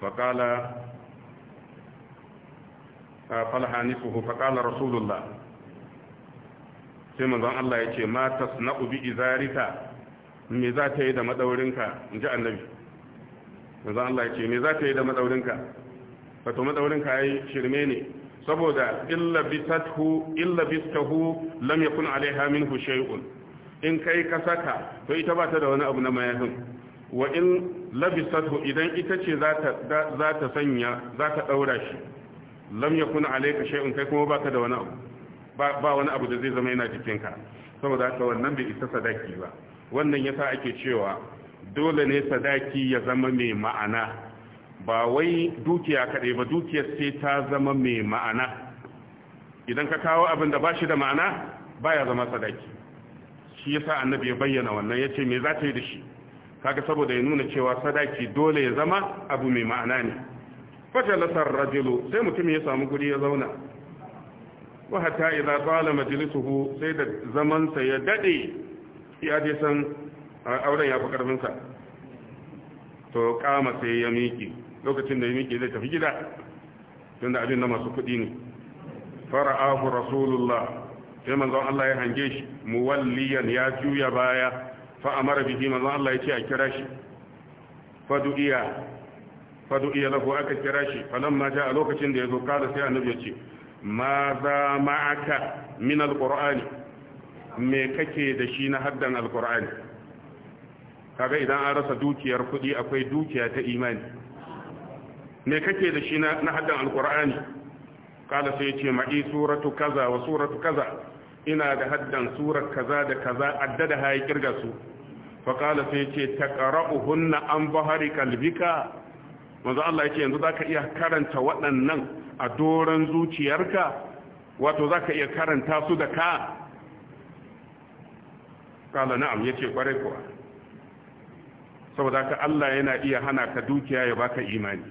faqala falaha nisfuhu faqala rasulullah sai manzon Allah yace ma tasna'u bi izarita me za ta yi da madaurinka inji annabi manzo Allah ce me za ta yi da madaurinka wato ya yi shirme ne saboda illa bisathu illa bistahu lam yakun alaiha minhu shay'un in kai ka saka to ita ba ta da wani abu na mayafin wa in labisathu idan ita ce za ta sanya za ta daura shi lam yakun alayka shay'un kai kuma baka da wani abu ba wani abu da zai zama yana jikinka saboda haka wannan bai isa sadaki ba wannan yasa ake cewa dole ne sadaki ya zama mai ma'ana ba wai dukiya kaɗai ba dukiyar sai ta zama mai ma'ana idan ka kawo abin da ba shi da ma'ana ba ya zama sadaki shi yasa annabi ya bayyana wannan ya ce me za ta yi da shi kaga saboda ya nuna cewa sadaki dole ya zama abu mai ma'ana ne fajalasar rajulu sai mutum ya samu guri ya zauna wa hatta idza qala majlisuhu sai da zamansa ya dade ya je san auren ya fi ƙarfinsa. to kama sai ya miƙe lokacin da ya miƙe zai tafi gida tunda abin na masu kuɗi ne fara'ahu rasulullah sai manzon Allah ya hange shi muwalliyan ya juya baya fa amara bihi manzon Allah ya ce a kira shi fadu iya fadu iya aka kira shi ma ja a lokacin da ya zo kada sai annabi ya ce ma za ma'aka min alqur'ani me kake da shi na haddan alqur'ani kaga idan an rasa dukiyar kuɗi akwai dukiya ta imani me kake da shi na haddan alkur'ani kala sai ce ma'i suratu kaza wa suratu kaza ina da haddan surar kaza da kaza addada ha ya kirga su fa kala sai ce taqra'uhunna an bahari kalbika manzo Allah yake yanzu zaka iya karanta waɗannan a doran zuciyarka wato zaka iya karanta su da ka kala na'am yace kware kuwa saboda ka Allah yana iya hana ka dukiya ya baka imani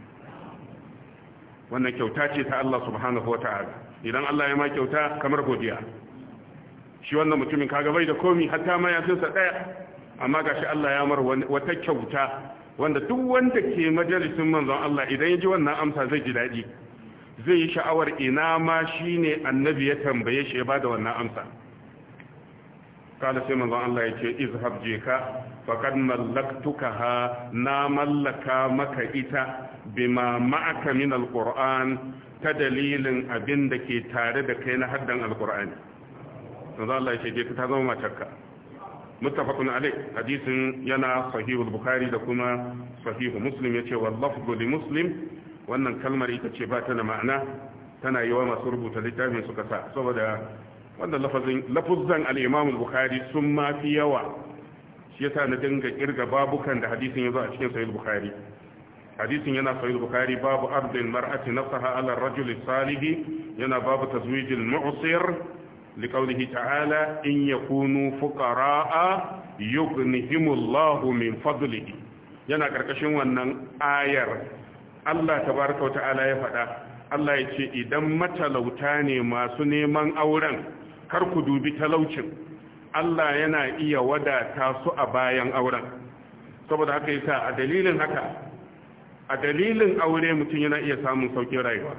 wannan kyauta ce ta Allah subhanahu wata'ala idan Allah ya ma kyauta kamar godiya shi wannan mutumin kaga bai da komi hatta ma ya sa daya amma gashi Allah ya mar wata kyauta wanda duk wanda ke majalisin manzon Allah idan ya ji wannan amsa zai ji daɗi zai yi sha'awar ina ma shine annabi ya tambaye shi ya bada wannan amsa kala sai manzon Allah ya ce izhab je ka faqad mallaktukaha na mallaka maka ita bima ma'aka min ta dalilin abin da ke tare da kai na haddan alqur'ani to Allah ya ce ta zama matarka muttafaqun alayh hadisin yana sahihul bukhari da kuma sahihu muslim ya ce lafzu li muslim wannan kalmar ita ce ba ta da ma'ana tana yi wa masu rubuta littafin suka sa saboda wannan lafazin lafuzan al-imam al-bukhari sun ma fi yawa shi yasa na dinga kirga babukan da hadisin yazo a cikin sahih bukhari hadisin yana sahih bukhari babu ardil mar'ati nafsaha ala ar-rajul salih yana babu al mu'sir qawlihi ta'ala in yakunu fuqara'a yughnihimullahu min fadlihi yana karkashin wannan ayar Allah tabaraka wa ta'ala ya faɗa Allah ya ce idan matalauta ne masu neman auren kar ku dubi talaucin Allah yana iya wadata su a bayan auren saboda haka yasa a dalilin haka a dalilin aure mutum yana iya samun saukin rayuwa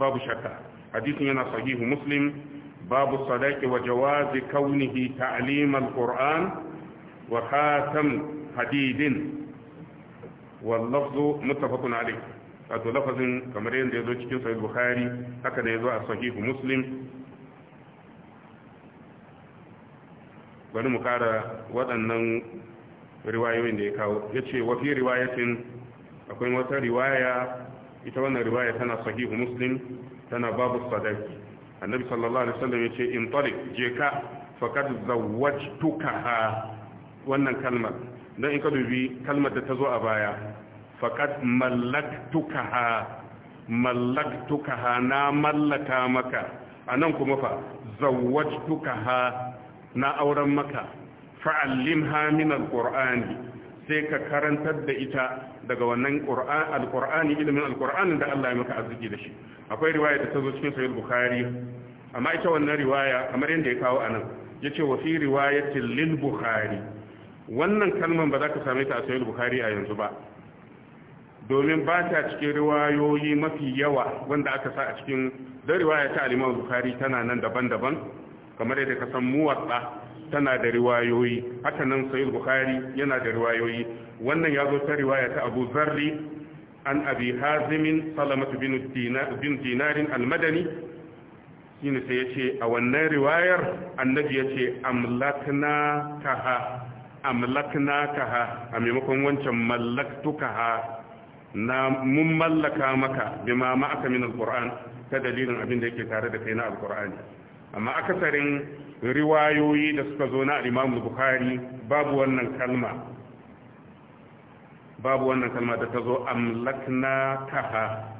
babu shakka hadisin yana sahihu muslim babu sadaqi wa jawazi kaunihi ta'lim al-qur'an wa khatam hadidin wal lafzu muttafaqun alayh wato lafazin kamar yadda ya zo cikin sahih bukhari haka da ya zo a sahihu muslim bari mu kara waɗannan riwayoyin da ya kawo ya ce wafi riwayatin akwai wata riwaya ita wannan riwaya tana sahihu muslim tana babu sadaki annabi sallallahu alaihi wasallam ya ce in talik je ka faqad zawwajtukaha wannan kalmar dan in ka dubi kalmar da ta zo a baya faqad mallaktukaha mallaktukaha na mallaka maka anan kuma fa zawwajtukaha na auren maka fa'allimha min al’ur’ani sai ka karantar da ita daga wannan al’ur’ani ilimin al’ur’ani da Allah ya maka arziki da shi akwai riwaya da ta zo cikin sayar bukhari amma ita wannan riwaya kamar yadda ya kawo anan yace wa fi riwayatin lil bukhari wannan kalman ba za ka same ta a sayar bukhari a yanzu ba domin ba ta cikin riwayoyi mafi yawa wanda aka sa a cikin don riwaya ta al bukari Bukhari tana nan daban-daban kamar yadda ka san muwatta tana da riwayoyi haka nan sayyid bukhari yana da riwayoyi wannan ya zo ta riwaya ta abu zarri an abi hazimin salamatu bin dinarin almadani shine sai ce a wannan riwayar annabi yace amlakna kaha amlakna kaha a maimakon wancan mallaktukaha na mun mallaka maka bima ma aka min alquran ta dalilin abin da yake tare da kai na alqur'ani amma akasarin riwayoyi da suka zo na imam Bukhari babu wannan kalma babu wannan kalma da ta zo amlakna taha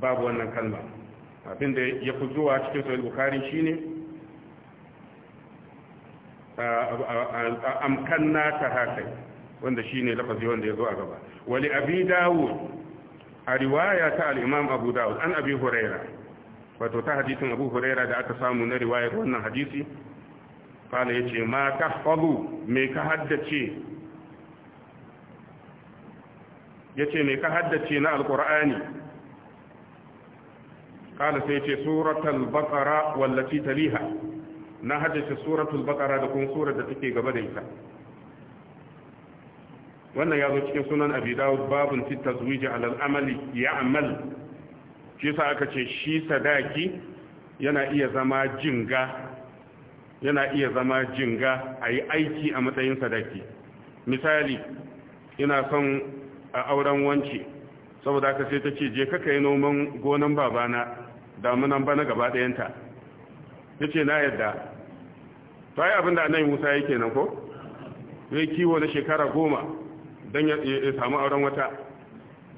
babu wannan kalma abinda ya fi zuwa cikin sahih Bukhari shine amkanna taha kai wanda shine lafazi wanda ya zo a gaba wali abi dawud a riwaya ta al-Imam Abu Dawud an abi Hurairah wato ta hadisin abu huraira da aka samu na riwayar wannan hadisi kala ya ce ma ka falu me ka haddace ya ce me ka haddace na alkur'ani kala sai ce suratul baqara wallati taliha na haddace suratul baqara da kuma surar da take gaba da ita wannan ya zo cikin sunan abi dawud babun fi tazwij ala amali ya'mal shi sa aka ce shi sadaki yana iya zama jinga yana iya zama jinga a yi aiki a matsayin sadaki misali ina son a auren wanci saboda aka sai ta ce je kaka yi noman gonan babana damunan bana gaba ɗayanta ya ce na yadda ta yi abinda annabi musa yake nan ko zai kiwo na shekara goma don ya samu auren wata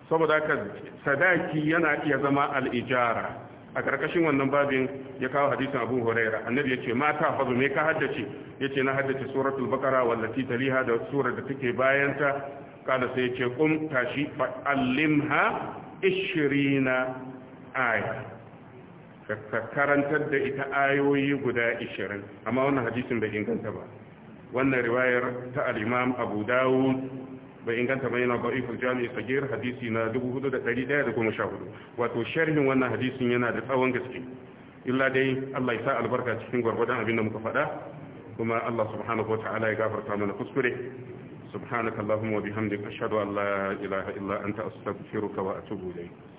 saboda haka sadaki yana iya zama al'ijara a ƙarƙashin wannan babin ya kawo hadisin abu huraira annabi ya ce mata fazu me ka haddace ya ce na haddace suratul bakara wallati taliha da surar da take bayanta kada sai ya ce kum tashi fa'allimha ishirina aya ka karantar da ita ayoyi guda ishirin amma wannan hadisin bai inganta ba wannan riwayar ta al abu dawud bai inganta ba yana ba'iful jami'i sagir hadisi na 4114 wato sharhin wannan hadisin yana da tsawon gaske illa dai Allah ya sa albarka cikin gwargwadon abin da muka faɗa kuma Allah subhanahu wata'ala ya gafarta mana kuskure subhanakallahumma wa bihamdika ashhadu an la ilaha illa anta astaghfiruka wa atubu ilayk